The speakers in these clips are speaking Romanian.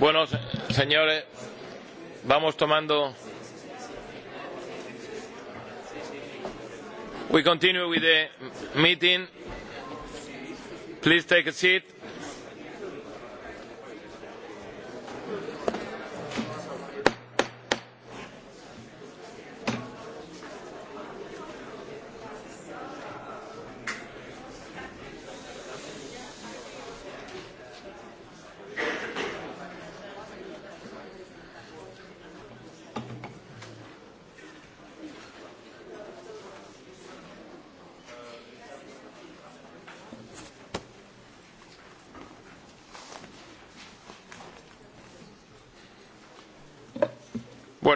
Bueno, señores, vamos tomando. We continue with the meeting. Please take a seat.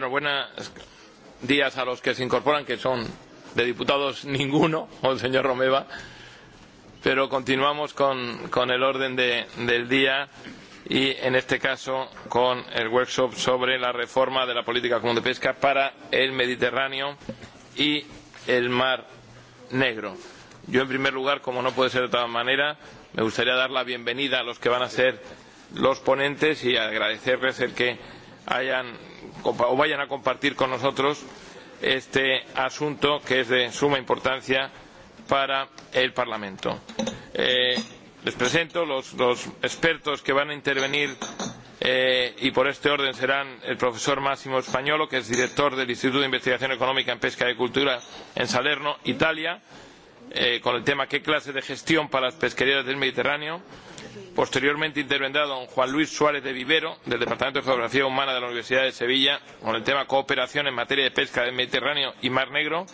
Bueno, buenos días a los que se incorporan, que son de diputados ninguno, o el señor Romeva. Pero continuamos con, con el orden de, del día y, en este caso, con el workshop sobre la reforma de la política común de pesca para el Mediterráneo y el Mar Negro. Yo, en primer lugar, como no puede ser de otra manera, me gustaría dar la bienvenida a los que van a ser los ponentes y agradecerles el que hayan o vayan a compartir con nosotros este asunto que es de suma importancia para el Parlamento. Eh, les presento los, los expertos que van a intervenir eh, y por este orden serán el profesor Máximo Españolo, que es director del Instituto de Investigación Económica en Pesca y Cultura en Salerno, Italia, eh, con el tema ¿Qué clase de gestión para las pesquerías del Mediterráneo? Posteriormente intervendrá don Juan Luis Suárez de Vivero, del Departamento de Geografía Humana de la Universidad de Sevilla, con el tema cooperación en materia de pesca del Mediterráneo y Mar Negro.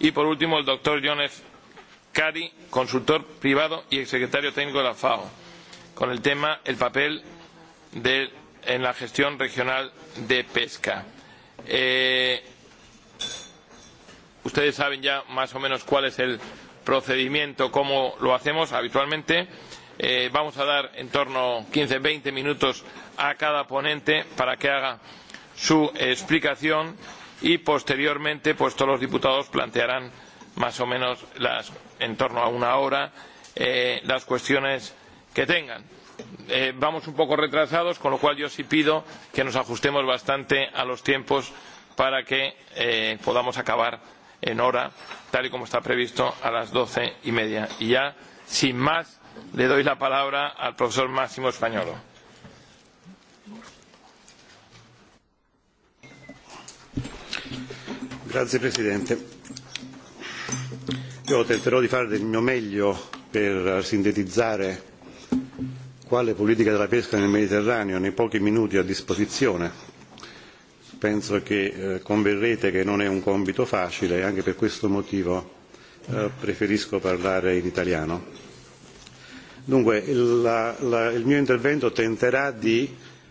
Y por último, el doctor Jones Cari, consultor privado y exsecretario técnico de la FAO, con el tema el papel de, en la gestión regional de pesca. Eh, ustedes saben ya más o menos cuál es el procedimiento, cómo lo hacemos habitualmente. Eh, vamos a dar en torno a 15-20 minutos a cada ponente para que haga su explicación y posteriormente pues, todos los diputados plantearán más o menos las, en torno a una hora eh, las cuestiones que tengan. Eh, vamos un poco retrasados, con lo cual yo sí pido que nos ajustemos bastante a los tiempos para que eh, podamos acabar en hora, tal y como está previsto, a las doce y media. Y ya, sin más, le doy la palabra al profesor Máximo Españolo. Grazie Presidente. Io tenterò di fare del mio meglio per sintetizzare quale politica della pesca nel Mediterraneo nei pochi minuti a disposizione. Penso che eh, converrete che non è un compito facile e anche per questo motivo eh, preferisco parlare in italiano Dunque, il, la, il mio intervento tenterà di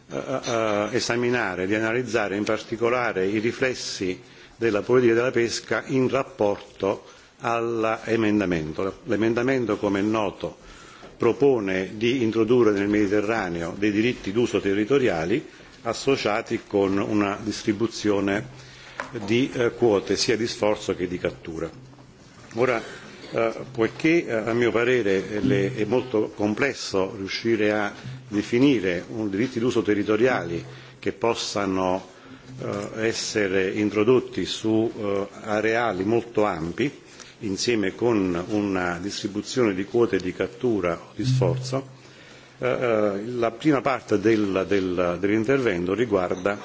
uh, uh, esaminare, di analizzare in particolare i riflessi della politica della pesca in rapporto all'emendamento. L'emendamento, come è noto, propone di introdurre nel Mediterraneo dei diritti d'uso territoriali associati con una distribuzione di eh, quote sia di sforzo che di cattura. Ora, Eh, poiché eh, a mio parere è molto complesso riuscire a definire un diritti d'uso territoriali che possano eh, essere introdotti su areali molto ampi insieme con una distribuzione di quote di cattura o di sforzo la prima parte del, del, dell'intervento riguarda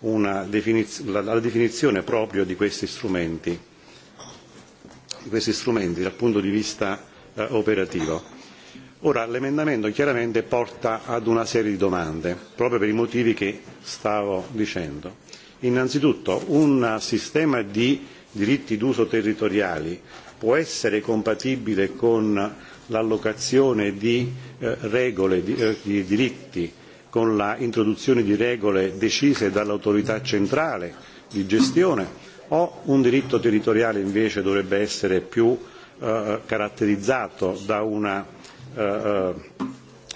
una definiz- la, la definizione proprio di questi strumenti questi strumenti dal punto di vista eh, operativo. Ora, l'emendamento chiaramente porta ad una serie di domande, proprio per i motivi che stavo dicendo. Innanzitutto, un sistema di diritti d'uso territoriali può essere compatibile con l'allocazione di eh, regole, di, eh, di diritti, con l'introduzione di regole decise dall'autorità centrale di gestione o un diritto territoriale invece dovrebbe essere più eh, caratterizzato da una, eh, eh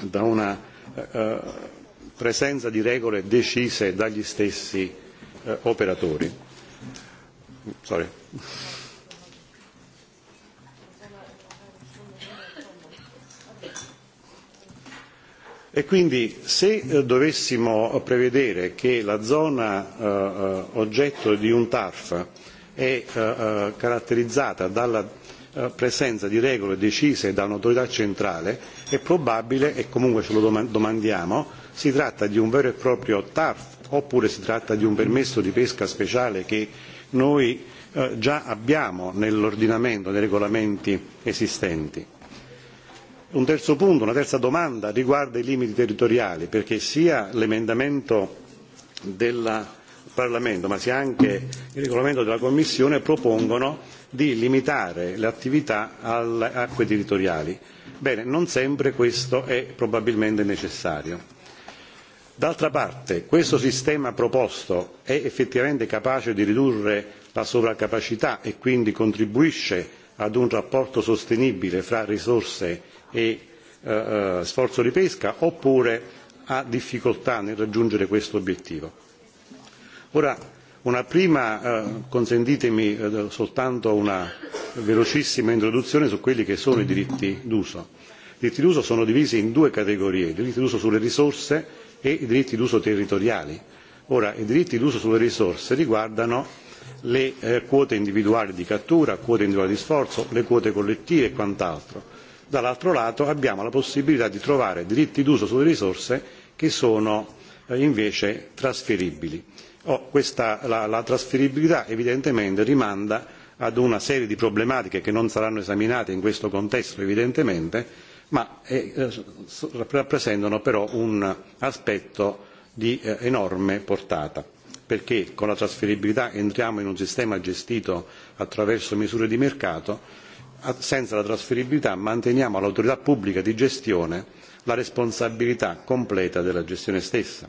da una eh, eh, presenza di regole decise dagli stessi eh, operatori. Sorry. E quindi se eh, dovessimo prevedere che la zona eh, eh, oggetto di un TARF è caratterizzata dalla presenza di regole decise da un'autorità centrale è probabile e comunque ce lo domandiamo si tratta di un vero e proprio TARF oppure si tratta di un permesso di pesca speciale che noi già abbiamo nell'ordinamento, nei regolamenti esistenti un terzo punto una terza domanda riguarda i limiti territoriali perché sia l'emendamento del parlamento ma sia anche il regolamento della commissione propongono di limitare le attività alle acque territoriali. bene non sempre questo è probabilmente necessario. d'altra parte questo sistema proposto è effettivamente capace di ridurre la sovraccapacità e quindi contribuisce ad un rapporto sostenibile fra risorse e eh, eh, sforzo di pesca oppure ha difficoltà nel raggiungere questo obiettivo. Ora, una prima, eh, consentitemi soltanto una velocissima introduzione su quelli che sono i diritti d'uso. I diritti d'uso sono divisi in due categorie, i diritti d'uso sulle risorse e i diritti d'uso territoriali. Ora, i diritti d'uso sulle risorse riguardano le quote individuali di cattura, quote individuali di sforzo, le quote collettive e quant'altro dall'altro lato abbiamo la possibilità di trovare diritti d'uso sulle risorse che sono eh, invece trasferibili. Oh, la, la trasferibilità evidentemente rimanda ad una serie di problematiche che non saranno esaminate in questo contesto evidentemente ma eh, rappresentano però un aspetto di eh, enorme portata perché con la trasferibilità entriamo in un sistema gestito attraverso misure di mercato senza la trasferibilità manteniamo all'autorità pubblica di gestione la responsabilità completa della gestione stessa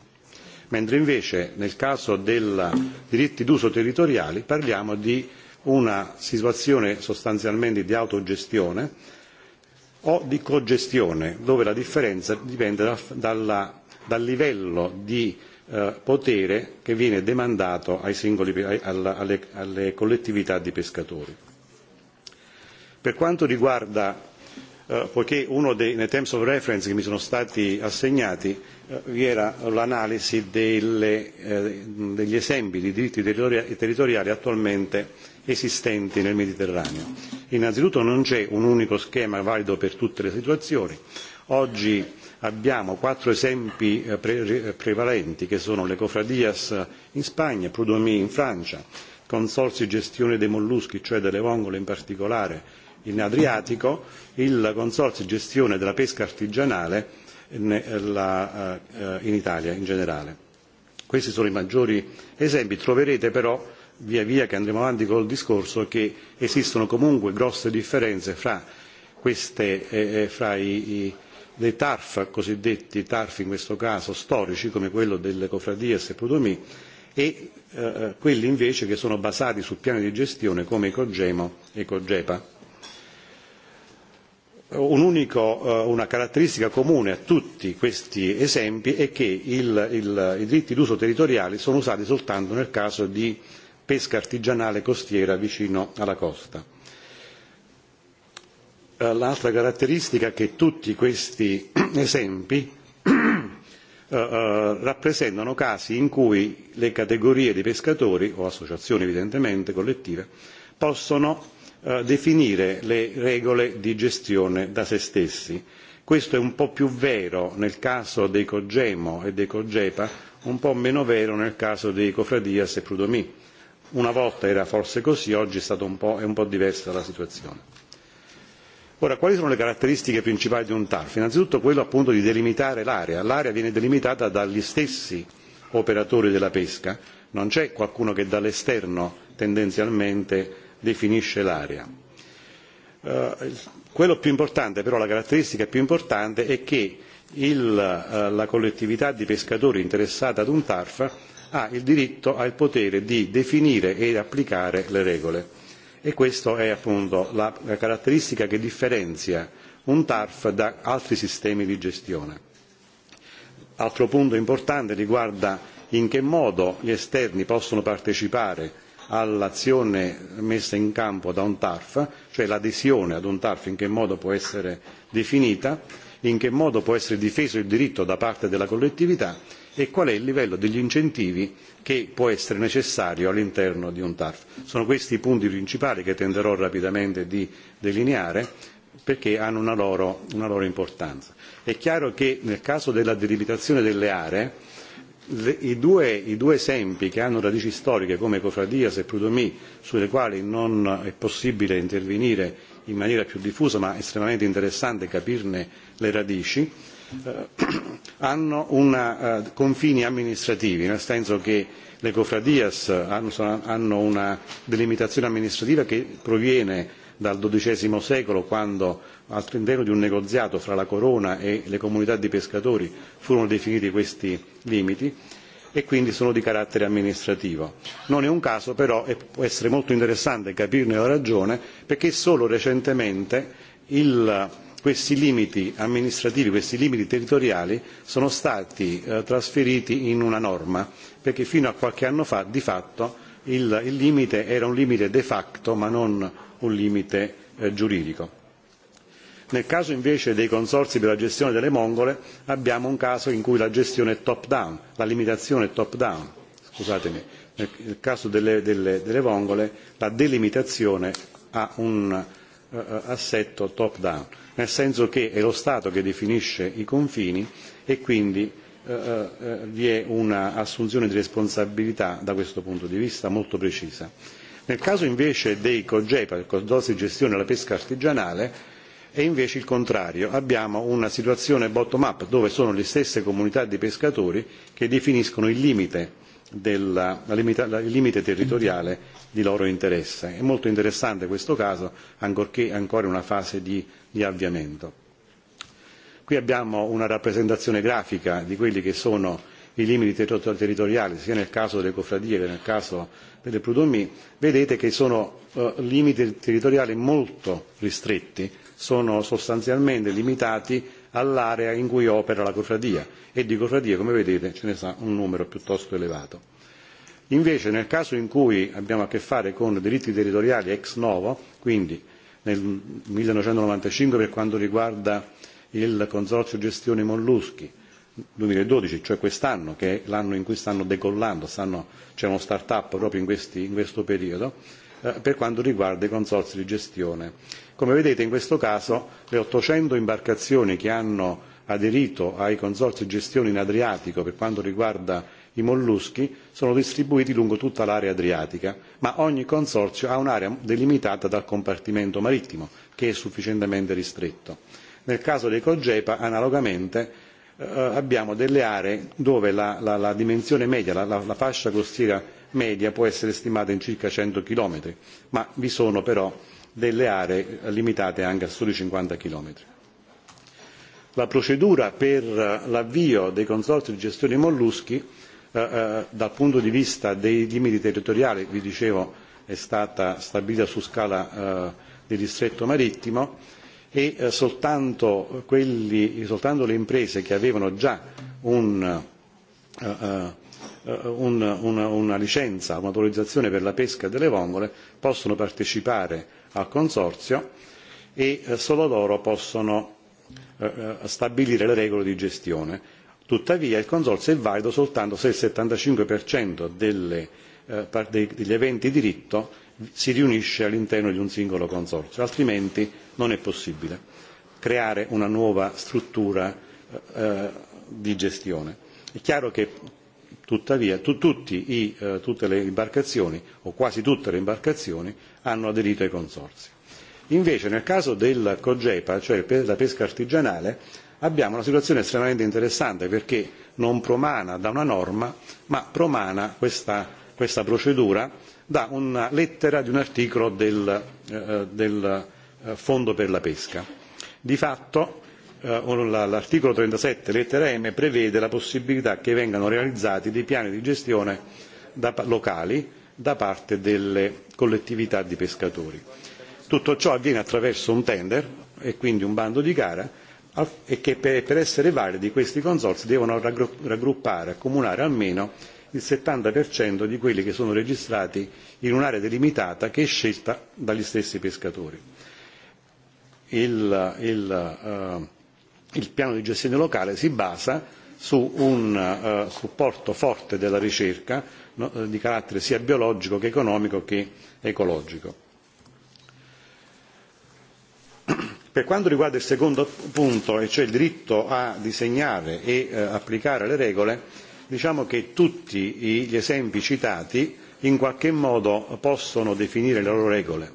mentre invece nel caso dei diritti d'uso territoriali parliamo di una situazione sostanzialmente di autogestione o di cogestione dove la differenza dipende dal, dalla, dal livello di eh, potere che viene demandato ai singoli, alle, alle collettività di pescatori Per quanto riguarda, eh, poiché uno dei nei terms of reference che mi sono stati assegnati eh, vi era l'analisi delle, eh, degli esempi di diritti territori territoriali attualmente esistenti nel Mediterraneo. Innanzitutto non c'è un unico schema valido per tutte le situazioni. Oggi abbiamo quattro esempi eh, pre prevalenti che sono le cofradias in Spagna, Prudomi in Francia, consorsi gestione dei molluschi, cioè delle vongole in particolare, in Adriatico, il Consorzio di Gestione della Pesca Artigianale eh, in Italia in generale. Questi sono i maggiori esempi, troverete però via via che andremo avanti col discorso che esistono comunque grosse differenze fra, queste, eh, eh, fra i, i, le TARF, cosiddetti TARF in questo caso storici come quello delle cofradie e Prodomi e eh, quelli invece che sono basati su piani di gestione come Cogemo e Cogepa un unico, eh, una caratteristica comune a tutti questi esempi è che il, il, i diritti d'uso territoriali sono usati soltanto nel caso di pesca artigianale costiera vicino alla costa. Eh, l'altra caratteristica è che tutti questi esempi eh, rappresentano casi in cui le categorie di pescatori o associazioni evidentemente collettive possono Eh, definire le regole di gestione da se stessi. Questo è un po' più vero nel caso dei Cogemo e dei Cogepa, un po' meno vero nel caso dei Cofradias e Prudomi. Una volta era forse così, oggi è, stato un po', è un po' diversa la situazione. Ora, quali sono le caratteristiche principali di un TARF? Innanzitutto quello appunto di delimitare l'area. L'area viene delimitata dagli stessi operatori della pesca, non c'è qualcuno che dall'esterno tendenzialmente definisce l'area. Eh, quello più importante, però la caratteristica più importante è che il, eh, la collettività di pescatori interessata ad un TARF ha il diritto, ha il potere di definire e applicare le regole e questa è appunto la caratteristica che differenzia un TARF da altri sistemi di gestione. Altro punto importante riguarda in che modo gli esterni possono partecipare all'azione messa in campo da un TARF, cioè l'adesione ad un TARF in che modo può essere definita, in che modo può essere difeso il diritto da parte della collettività e qual è il livello degli incentivi che può essere necessario all'interno di un TARF. Sono questi i punti principali che tenterò rapidamente di delineare perché hanno una loro, una loro importanza. È chiaro che nel caso della delimitazione delle aree i, due, esempi che hanno radici storiche come Cofradias e Prudomì, sulle quali non è possibile intervenire in maniera più diffusa ma è estremamente interessante capirne le radici, eh, hanno una, eh, confini amministrativi, nel senso che le Cofradias hanno, hanno una delimitazione amministrativa che proviene dal XII secolo, quando all'interno di un negoziato fra la corona e le comunità di pescatori furono definiti questi limiti e quindi sono di carattere amministrativo. Non è un caso però, e può essere molto interessante capirne la ragione, perché solo recentemente il, questi limiti amministrativi, questi limiti territoriali sono stati eh, trasferiti in una norma, perché fino a qualche anno fa di fatto il, limite era un limite de facto ma non un limite eh, giuridico. Nel caso invece dei consorzi per la gestione delle mongole abbiamo un caso in cui la gestione è top down, la limitazione è top down, scusatemi, nel caso delle, delle, delle mongole la delimitazione ha un uh, assetto top down, nel senso che è lo Stato che definisce i confini e quindi Eh, eh, eh, vi è un'assunzione di responsabilità da questo punto di vista molto precisa. Nel caso invece dei COGEPA, il Consorzio di gestione della pesca artigianale, è invece il contrario. Abbiamo una situazione bottom up dove sono le stesse comunità di pescatori che definiscono il limite, della, la limita, il limite territoriale di loro interesse. È molto interessante questo caso, ancorché ancora in una fase di, di avviamento Qui abbiamo una rappresentazione grafica di quelli che sono i limiti territoriali, sia nel caso delle cofradie che nel caso delle prudomie, vedete che sono eh, limiti territoriali molto ristretti, sono sostanzialmente limitati all'area in cui opera la cofradia e di cofradie come vedete ce ne sta un numero piuttosto elevato. Invece nel caso in cui abbiamo a che fare con diritti territoriali ex novo, quindi nel 1995 per quanto riguarda il Consorzio Gestione Molluschi 2012, cioè quest'anno, che è l'anno in cui stanno decollando, stanno, c'è uno start-up proprio in, questi, in questo periodo, eh, per quanto riguarda i consorzi di gestione. Come vedete in questo caso le 800 imbarcazioni che hanno aderito ai consorzi di gestione in Adriatico per quanto riguarda i molluschi sono distribuiti lungo tutta l'area adriatica ma ogni consorzio ha un'area delimitata dal compartimento marittimo che è sufficientemente ristretto Nel caso dei Cogepa, analogamente, eh, abbiamo delle aree dove la, la, la dimensione media, la, la, la fascia costiera media può essere stimata in circa 100 km, ma vi sono però delle aree limitate anche a soli 50 km. La procedura per eh, l'avvio dei consorzi di gestione molluschi eh, eh, dal punto di vista dei limiti territoriali, vi dicevo, è stata stabilita su scala eh, di distretto marittimo e eh, soltanto, quelli, soltanto le imprese che avevano già un, eh, eh, eh un, una, una licenza, un'autorizzazione per la pesca delle vongole possono partecipare al consorzio e eh, solo loro possono stabilire le regole di gestione. Tuttavia il consorzio è valido soltanto se il 75% delle Eh, degli eventi di diritto si riunisce all'interno di un singolo consorzio altrimenti non è possibile creare una nuova struttura eh, di gestione. è chiaro che tuttavia tutti i, eh, tutte le imbarcazioni o quasi tutte le imbarcazioni hanno aderito ai consorzi. invece nel caso del cogepa cioè della pesca artigianale abbiamo una situazione estremamente interessante perché non promana da una norma ma promana questa questa procedura da una lettera di un articolo del, eh, del eh, fondo per la pesca. Di fatto eh, l'articolo 37 lettera M prevede la possibilità che vengano realizzati dei piani di gestione da, locali da parte delle collettività di pescatori. Tutto ciò avviene attraverso un tender e quindi un bando di gara e che per essere validi questi consorzi devono raggruppare, accomunare almeno il 70% di quelli che sono registrati in un'area delimitata che è scelta dagli stessi pescatori. Il, il, uh, il piano di gestione locale si basa su un uh, supporto forte della ricerca no, eh, di carattere sia biologico che economico che ecologico. Per quanto riguarda il secondo punto, e cioè il diritto a disegnare e uh, applicare le regole, diciamo che tutti gli esempi citati in qualche modo possono definire le loro regole.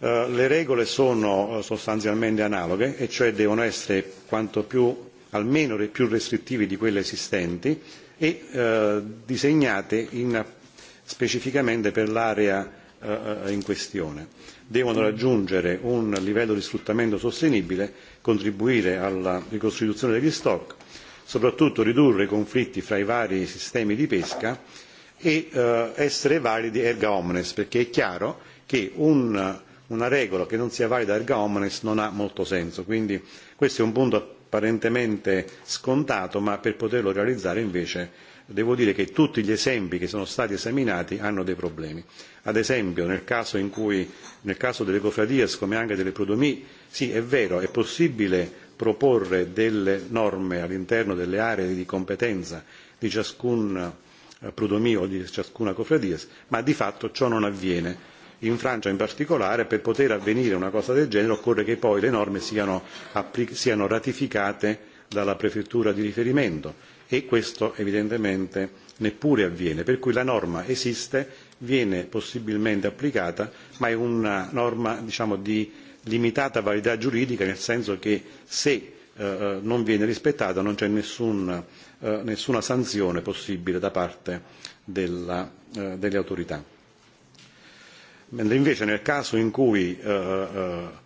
Eh, le regole sono eh, sostanzialmente analoghe e cioè devono essere quanto più almeno le più restrittive di quelle esistenti e eh, disegnate in, specificamente per l'area in questione. Devono raggiungere un livello di sfruttamento sostenibile, contribuire alla ricostituzione degli stock soprattutto ridurre i conflitti fra i vari sistemi di pesca e eh, essere validi erga omnes perché è chiaro che un, una regola che non sia valida erga omnes non ha molto senso quindi questo è un punto apparentemente scontato ma per poterlo realizzare invece devo dire che tutti gli esempi che sono stati esaminati hanno dei problemi. Ad esempio nel caso, in cui, nel caso delle cofradias come anche delle prodomie, sì è vero, è possibile proporre delle norme all'interno delle aree di competenza di ciascun eh, prudomio o di ciascuna cofradia, ma di fatto ciò non avviene. In Francia in particolare per poter avvenire una cosa del genere occorre che poi le norme siano, siano ratificate dalla prefettura di riferimento e questo evidentemente neppure avviene, per cui la norma esiste, viene possibilmente applicata, ma è una norma diciamo, di limitata validità giuridica nel senso che se eh, eh, non viene rispettata non c'è nessun, eh, nessuna sanzione possibile da parte della, eh, delle autorità. Mentre invece nel caso in cui eh, eh,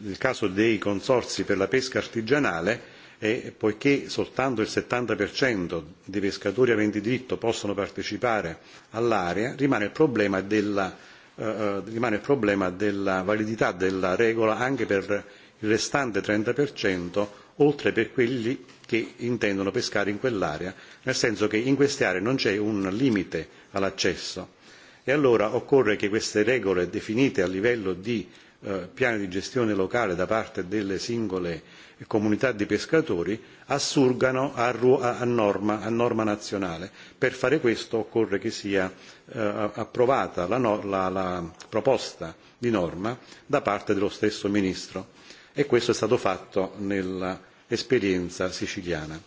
nel caso dei consorzi per la pesca artigianale e poiché soltanto il settanta dei pescatori aventi diritto possono partecipare all'area rimane il problema della Eh, rimane il problema della validità della regola anche per il restante 30% oltre per quelli che intendono pescare in quell'area, nel senso che in queste aree non c'è un limite all'accesso e allora occorre che queste regole definite a livello di Eh, piani di gestione locale da parte delle singole comunità di pescatori assurgano a, norma, a nazionale. Per fare questo occorre che sia eh, approvata la, la, la proposta di norma da parte dello stesso Ministro e questo è stato fatto nell'esperienza siciliana.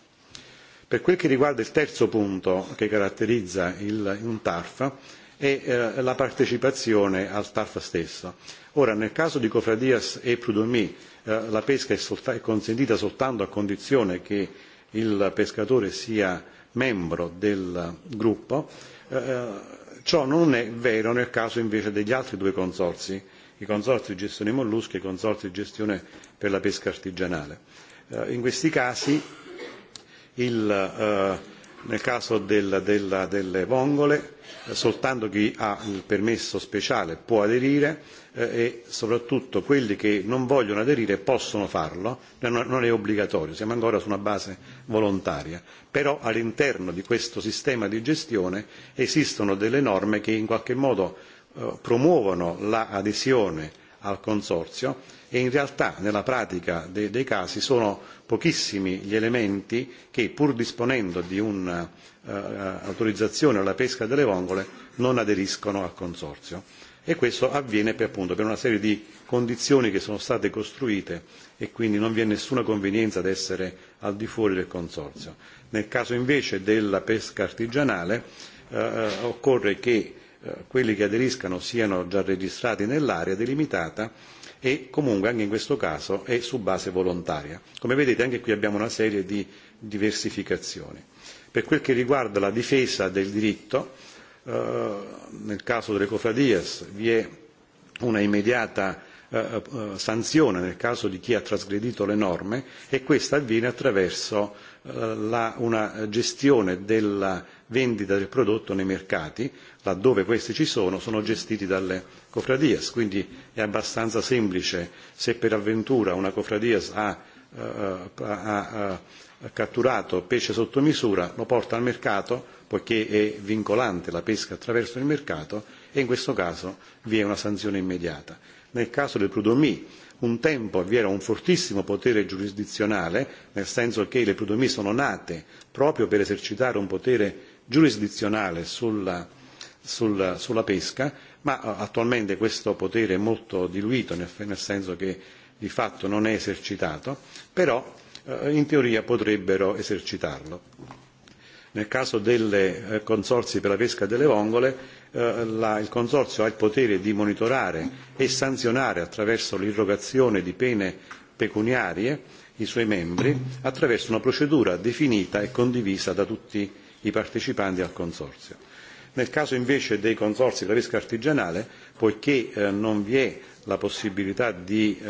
Per quel che riguarda il terzo punto che caratterizza il, un TARF è eh, la partecipazione al TARF stesso Ora, nel caso di Cofradias e Prudomì, eh, la pesca è, è consentita soltanto a condizione che il pescatore sia membro del gruppo. Eh, eh, ciò non è vero nel caso invece degli altri due consorzi, i consorzi di gestione molluschi e i consorzi di gestione per la pesca artigianale. Eh, in questi casi, il, eh, nel caso del, della, delle vongole, eh, soltanto chi ha il permesso speciale può aderire, Eh, e soprattutto quelli che non vogliono aderire possono farlo, non è obbligatorio, siamo ancora su una base volontaria, però all'interno di questo sistema di gestione esistono delle norme che in qualche modo eh, promuovono l'adesione al consorzio e in realtà nella pratica dei casi sono pochissimi gli elementi che pur disponendo di un'autorizzazione eh, alla pesca delle vongole non aderiscono al consorzio e questo avviene per, appunto, per una serie di condizioni che sono state costruite e quindi non vi è nessuna convenienza ad essere al di fuori del consorzio. Nel caso invece della pesca artigianale eh, eh, occorre che eh, quelli che aderiscano siano già registrati nell'area delimitata e comunque anche in questo caso è su base volontaria. Come vedete anche qui abbiamo una serie di diversificazioni. Per quel che riguarda la difesa del diritto, Eh, nel caso delle cofradias vi è una immediata eh, eh, sanzione nel caso di chi ha trasgredito le norme e questa avviene attraverso la, una gestione della vendita del prodotto nei mercati laddove questi ci sono sono gestiti dalle cofradias quindi è abbastanza semplice se per avventura una cofradias ha, ha, ha catturato pesce sotto misura lo porta al mercato poiché è vincolante la pesca attraverso il mercato e in questo caso vi è una sanzione immediata. Nel caso del Prudomì un tempo vi era un fortissimo potere giurisdizionale, nel senso che le Prudomì sono nate proprio per esercitare un potere giurisdizionale sulla, sulla, sulla pesca, ma eh, attualmente questo potere è molto diluito, nel, senso che di fatto non è esercitato, però eh, in teoria potrebbero esercitarlo Nel caso dei eh, consorzi per la pesca delle vongole, eh, il consorzio ha il potere di monitorare e sanzionare attraverso l'irrogazione di pene pecuniarie i suoi membri attraverso una procedura definita e condivisa da tutti i partecipanti al consorzio. Nel caso invece dei consorzi per la pesca artigianale, poiché eh, non vi è la possibilità di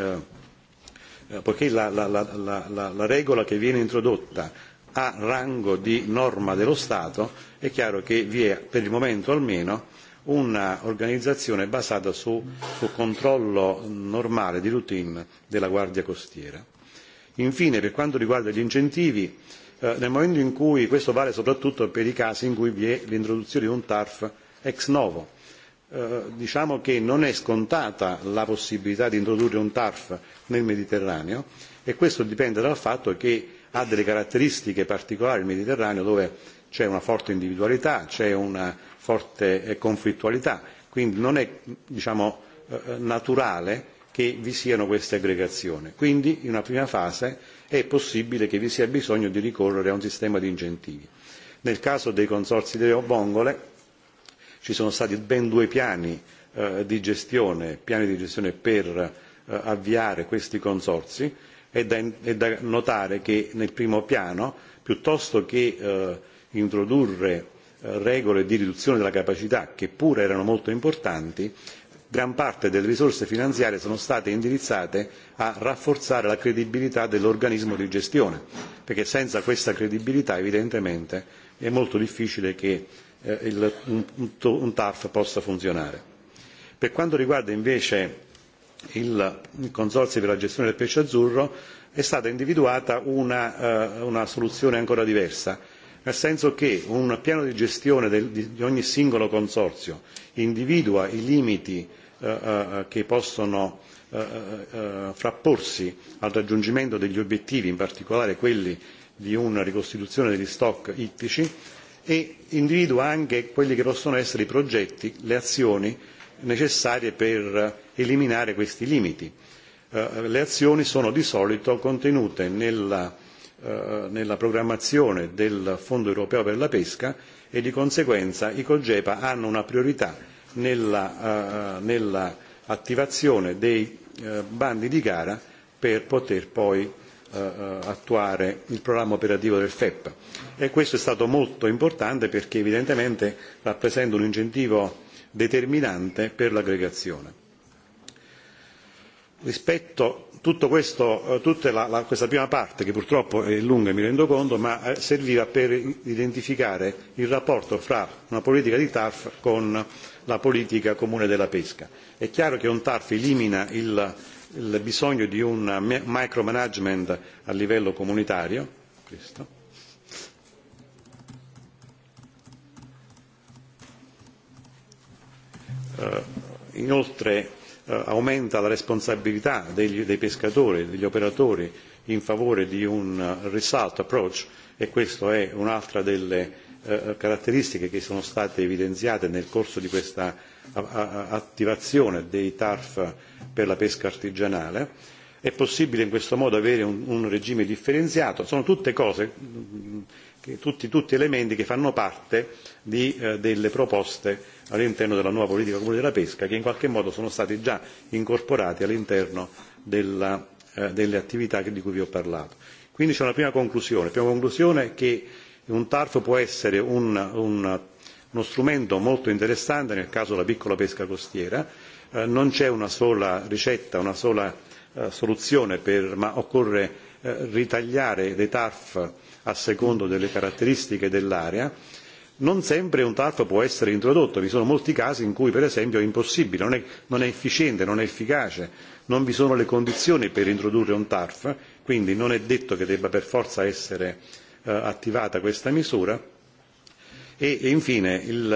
poiché la, la, la, la, la regola che viene introdotta ha rango di norma dello Stato, è chiaro che vi è, per il momento almeno, un'organizzazione basata su, su controllo normale di routine della Guardia Costiera. Infine, per quanto riguarda gli incentivi, eh, nel momento in cui questo vale soprattutto per i casi in cui vi è l'introduzione di un TARF ex novo, eh, diciamo che non è scontata la possibilità di introdurre un TARF nel Mediterraneo e questo dipende dal fatto che ha delle caratteristiche particolari il Mediterraneo dove c'è una forte individualità, c'è una forte eh, conflittualità, quindi non è diciamo, eh, eh, naturale che vi siano queste aggregazioni. Quindi in una prima fase è possibile che vi sia bisogno di ricorrere a un sistema di incentivi. Nel caso dei consorzi delle obongole ci sono stati ben due piani eh, di gestione, piani di gestione per eh, avviare questi consorzi è da, da notare che nel primo piano piuttosto che eh, introdurre eh, regole di riduzione della capacità che pure erano molto importanti gran parte delle risorse finanziarie sono state indirizzate a rafforzare la credibilità dell'organismo di gestione perché senza questa credibilità evidentemente è molto difficile che eh, un, un TAF possa funzionare. Per quanto riguarda invece il Consorzio per la gestione del pesce azzurro è stata individuata una, eh, soluzione ancora diversa, nel senso che un piano di gestione di, ogni singolo consorzio individua i limiti eh, eh, che possono frapporsi al raggiungimento degli obiettivi, in particolare quelli di una ricostituzione degli stock ittici, e individua anche quelli che possono essere i progetti, le azioni necessarie per eliminare questi limiti. Eh, le azioni sono di solito contenute nella, eh, nella programmazione del Fondo europeo per la pesca e di conseguenza i Cogepa hanno una priorità nell'attivazione nella eh, dei bandi di gara per poter poi attuare il programma operativo del FEP e questo è stato molto importante perché evidentemente rappresenta un incentivo determinante per l'aggregazione. Rispetto tutto questo, eh, tutta la, la, questa prima parte, che purtroppo è lunga e mi rendo conto, ma eh, serviva per identificare il rapporto fra una politica di TARF con la politica comune della pesca. È chiaro che un TARF elimina il, il bisogno di un micromanagement a livello comunitario, questo, Eh, inoltre eh, aumenta la responsabilità degli, dei pescatori e degli operatori in favore di un eh, result approach e questa è un'altra delle caratteristiche che sono state evidenziate nel corso di questa attivazione dei tarf per la pesca artigianale è possibile in questo modo avere un, un regime differenziato sono tutte cose tutti, tutti elementi che fanno parte di, eh, delle proposte all'interno della nuova politica comune della pesca che in qualche modo sono stati già incorporati all'interno della, eh, delle attività di cui vi ho parlato. Quindi c'è una prima conclusione, prima conclusione che un TARF può essere un, un, uno strumento molto interessante nel caso della piccola pesca costiera, eh, non c'è una sola ricetta, una sola eh, soluzione, per, ma occorre ritagliare dei TARF a secondo delle caratteristiche dell'area non sempre un TARF può essere introdotto, vi sono molti casi in cui per esempio è impossibile, non è, non è efficiente, non è efficace, non vi sono le condizioni per introdurre un TARF, quindi non è detto che debba per forza essere eh, attivata questa misura e, e infine il,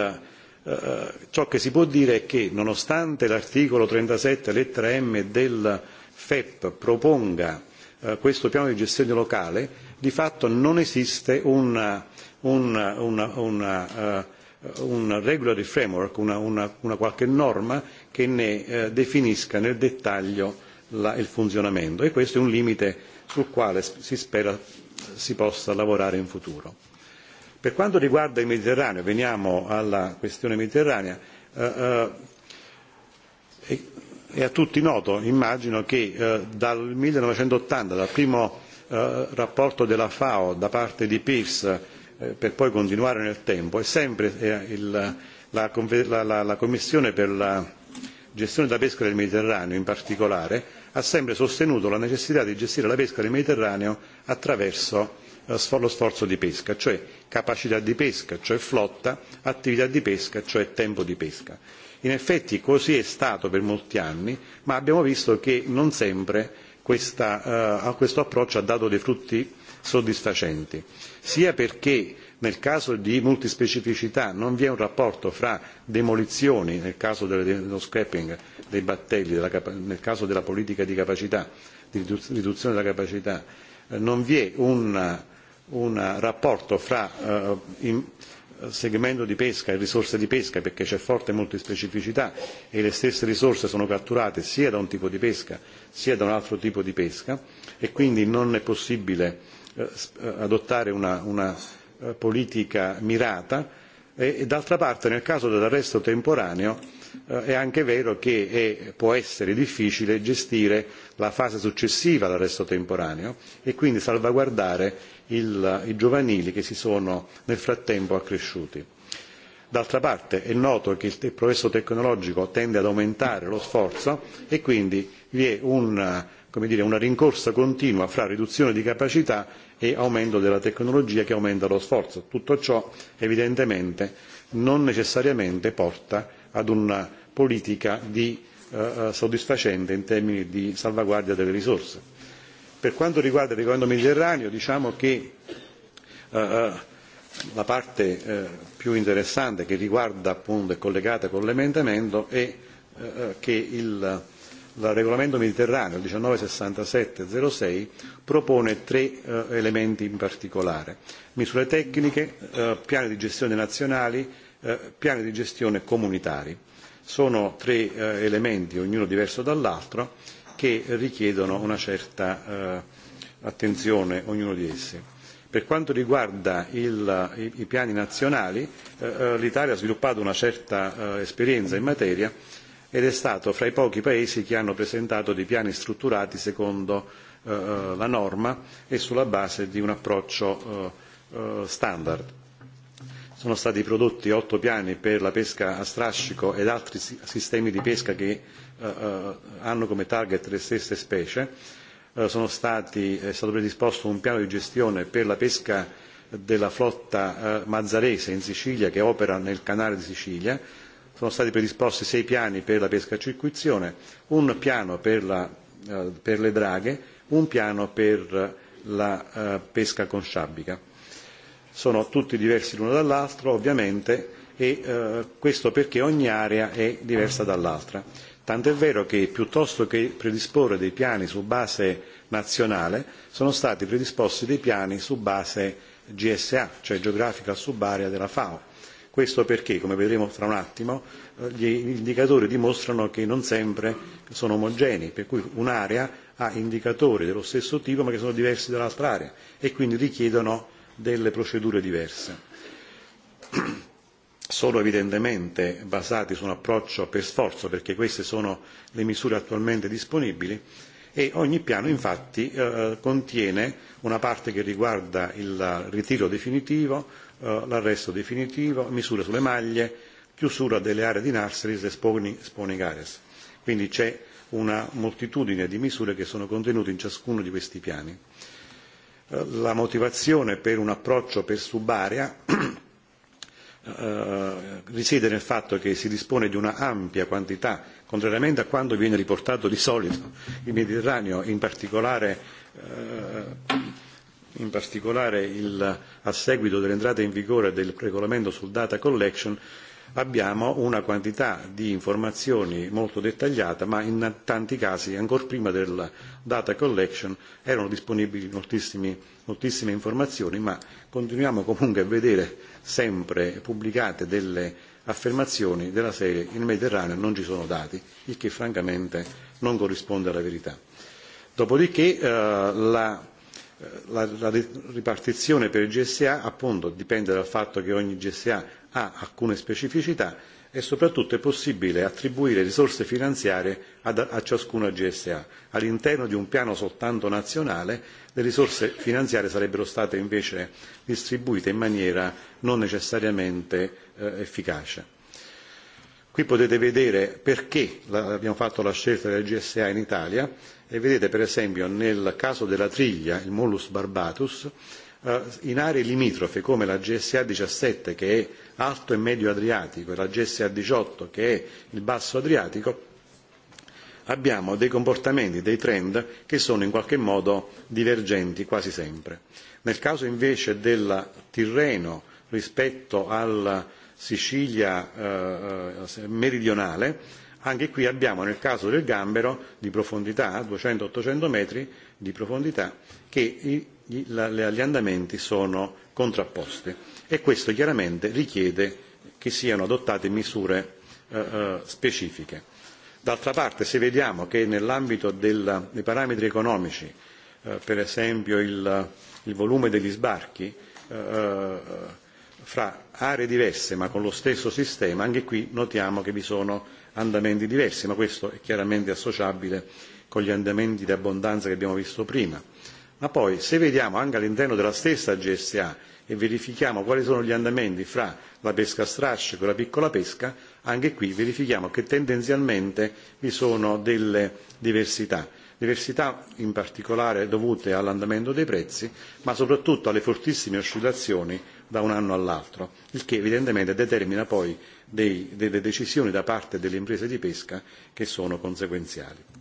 eh, eh ciò che si può dire è che nonostante l'articolo 37 lettera M del FEP proponga Eh, questo piano di gestione locale, di fatto non esiste un, eh, un, una, eh, una, uh, un regulatory framework, una, una, una qualche norma che ne eh, definisca nel dettaglio la, il funzionamento e questo è un limite sul quale si spera si possa lavorare in futuro. Per quanto riguarda il Mediterraneo, veniamo alla questione mediterranea, eh, eh, è a tutti noto immagino che eh, dal 1980 dal primo eh, rapporto della FAO da parte di PIRS eh, per poi continuare nel tempo è sempre eh, il, la, la, la, la Commissione per la gestione della pesca del Mediterraneo in particolare ha sempre sostenuto la necessità di gestire la pesca del Mediterraneo attraverso eh, lo sforzo di pesca, cioè capacità di pesca, cioè flotta, attività di pesca, cioè tempo di pesca In effetti così è stato per molti anni, ma abbiamo visto che non sempre eh, questo approccio ha dato dei frutti soddisfacenti, sia perché nel caso di multispecificità non vi è un rapporto fra demolizioni nel caso dello scrapping dei battelli nel caso della politica di capacità di riduzione della capacità eh, non vi è un, rapporto fra eh, Eh, segmento di pesca e risorse di pesca perché c'è forte molte specificità e le stesse risorse sono catturate sia da un tipo di pesca sia da un altro tipo di pesca e quindi non è possibile eh, eh, adottare una, una politica mirata e d'altra parte nel caso dell'arresto temporaneo Eh, è anche vero che può essere difficile gestire la fase successiva all'arresto temporaneo e quindi salvaguardare il, i giovanili che si sono nel frattempo accresciuti. D'altra parte è noto che il progresso tecnologico tende ad aumentare lo sforzo e quindi vi è un, come dire, una rincorsa continua fra riduzione di capacità e aumento della tecnologia che aumenta lo sforzo. Tutto ciò evidentemente non necessariamente porta ad una politica di, eh, eh, soddisfacente in termini di salvaguardia delle risorse. Per quanto riguarda il regolamento mediterraneo diciamo che eh, eh, la parte eh, più interessante che riguarda appunto e collegata con l'emendamento è eh, che il, il regolamento mediterraneo 196706, propone tre eh, elementi in particolare misure tecniche, eh, piani di gestione nazionali Eh, piani di gestione comunitari. Sono tre eh, elementi, ognuno diverso dall'altro, che richiedono una certa eh, attenzione ognuno di essi. Per quanto riguarda il, i, i piani nazionali, eh, l'Italia ha sviluppato una certa eh, esperienza in materia ed è stato fra i pochi paesi che hanno presentato dei piani strutturati secondo eh, la norma e sulla base di un approccio eh, standard sono stati prodotti otto piani per la pesca a strascico ed altri sistemi di pesca che eh, eh, hanno come target le stesse specie eh, sono stati, è stato predisposto un piano di gestione per la pesca della flotta mazzarese in Sicilia che opera nel canale di Sicilia sono stati predisposti sei piani per la pesca a circuizione un piano per, la, per le draghe un piano per la pesca con sciabica sono tutti diversi l'uno dall'altro ovviamente e eh, questo perché ogni area è diversa dall'altra. Tant'è vero che piuttosto che predisporre dei piani su base nazionale sono stati predisposti dei piani su base GSA, cioè geografica subarea della FAO. Questo perché, come vedremo fra un attimo, eh, gli indicatori dimostrano che non sempre sono omogenei, per cui un'area ha indicatori dello stesso tipo ma che sono diversi dall'altra area e quindi richiedono delle procedure diverse. Sono evidentemente basati su un approccio per sforzo, perché queste sono le misure attualmente disponibili, e ogni piano infatti eh, contiene una parte che riguarda il ritiro definitivo, eh, l'arresto definitivo, misure sulle maglie, chiusura delle aree di Narseris e spawning Areas. Quindi c'è una moltitudine di misure che sono contenute in ciascuno di questi piani Eh, la motivazione per un approccio per subarea eh, risiede nel fatto che si dispone di una ampia quantità, contrariamente a quanto viene riportato di solito. Il Mediterraneo, in particolare, eh, in particolare il, a seguito dell'entrata in vigore del regolamento sul data collection, abbiamo una quantità di informazioni molto dettagliata ma in tanti casi ancor prima della data collection erano disponibili moltissime, informazioni ma continuiamo comunque a vedere sempre pubblicate delle affermazioni della serie in Mediterraneo non ci sono dati, il che francamente non corrisponde alla verità. Dopodiché eh, la, eh, la, la ripartizione per GSA appunto dipende dal fatto che ogni GSA ha alcune specificità e soprattutto è possibile attribuire risorse finanziarie a ciascuna gsa. all'interno di un piano soltanto nazionale le risorse finanziarie sarebbero state invece distribuite in maniera non necessariamente eh, efficace. qui potete vedere perché abbiamo fatto la scelta della gsa in italia e vedete per esempio nel caso della triglia il mollus barbatus Eh, in aree limitrofe come la GSA 17 che è alto e medio adriatico e la GSA 18 che è il basso adriatico abbiamo dei comportamenti, dei trend che sono in qualche modo divergenti quasi sempre. Nel caso invece del Tirreno rispetto alla Sicilia eh, eh, meridionale anche qui abbiamo nel caso del gambero di profondità 200-800 metri di profondità che gli, andamenti sono contrapposti e questo chiaramente richiede che siano adottate misure eh, eh specifiche. D'altra parte se vediamo che nell'ambito del, dei parametri economici eh, per esempio il, il volume degli sbarchi eh, eh, fra aree diverse ma con lo stesso sistema anche qui notiamo che vi sono andamenti diversi ma questo è chiaramente associabile con gli andamenti di abbondanza che abbiamo visto prima ma poi se vediamo anche all'interno della stessa gsa e verifichiamo quali sono gli andamenti fra la pesca a strascico e la piccola pesca anche qui verifichiamo che tendenzialmente vi sono delle diversità diversità in particolare dovute all'andamento dei prezzi ma soprattutto alle fortissime oscillazioni da un anno all'altro il che evidentemente determina poi dei, delle decisioni da parte delle imprese di pesca che sono conseguenziali.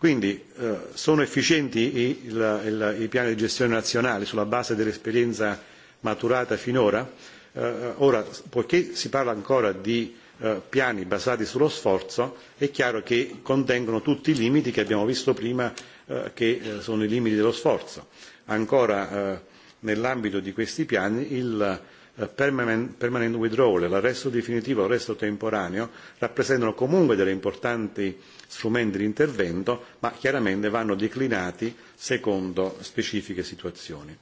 Quindi eh, sono efficienti i, il, il, i piani di gestione nazionali sulla base dell'esperienza maturata finora? Eh, eh, ora, poiché si parla ancora di eh, piani basati sullo sforzo, è chiaro che contengono tutti i limiti che abbiamo visto prima, eh, che eh, sono i limiti dello sforzo. Ancora eh, nell'ambito di questi piani il eh, permanent, permanent withdrawal, l'arresto definitivo, l'arresto temporaneo, rappresentano comunque delle importanti strumenti di intervento, ma chiaramente vanno declinati secondo specifiche situazioni.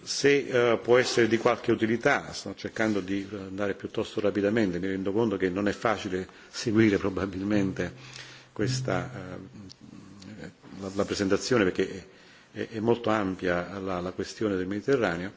Se eh, può essere di qualche utilità, sto cercando di eh, andare piuttosto rapidamente, mi rendo conto che non è facile seguire probabilmente questa, eh, la, la presentazione perché è, è molto ampia la, la questione del Mediterraneo,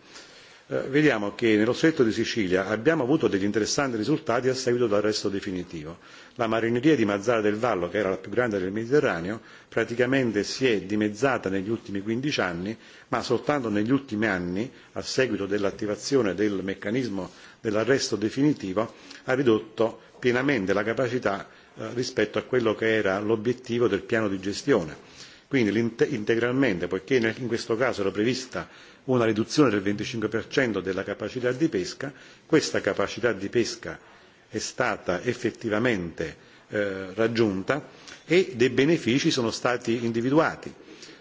Eh, vediamo che nello stretto di sicilia abbiamo avuto degli interessanti risultati a seguito dell'arresto definitivo la marineria di mazara del vallo che era la più grande del mediterraneo praticamente si è dimezzata negli ultimi quindici anni ma soltanto negli ultimi anni a seguito dell'attivazione del meccanismo dell'arresto definitivo ha ridotto pienamente la capacità eh, rispetto a quello che era l'obiettivo del piano di gestione quindi integralmente poiché in questo caso era prevista una riduzione del 25% della capacità di pesca, questa capacità di pesca è stata effettivamente eh, raggiunta e dei benefici sono stati individuati.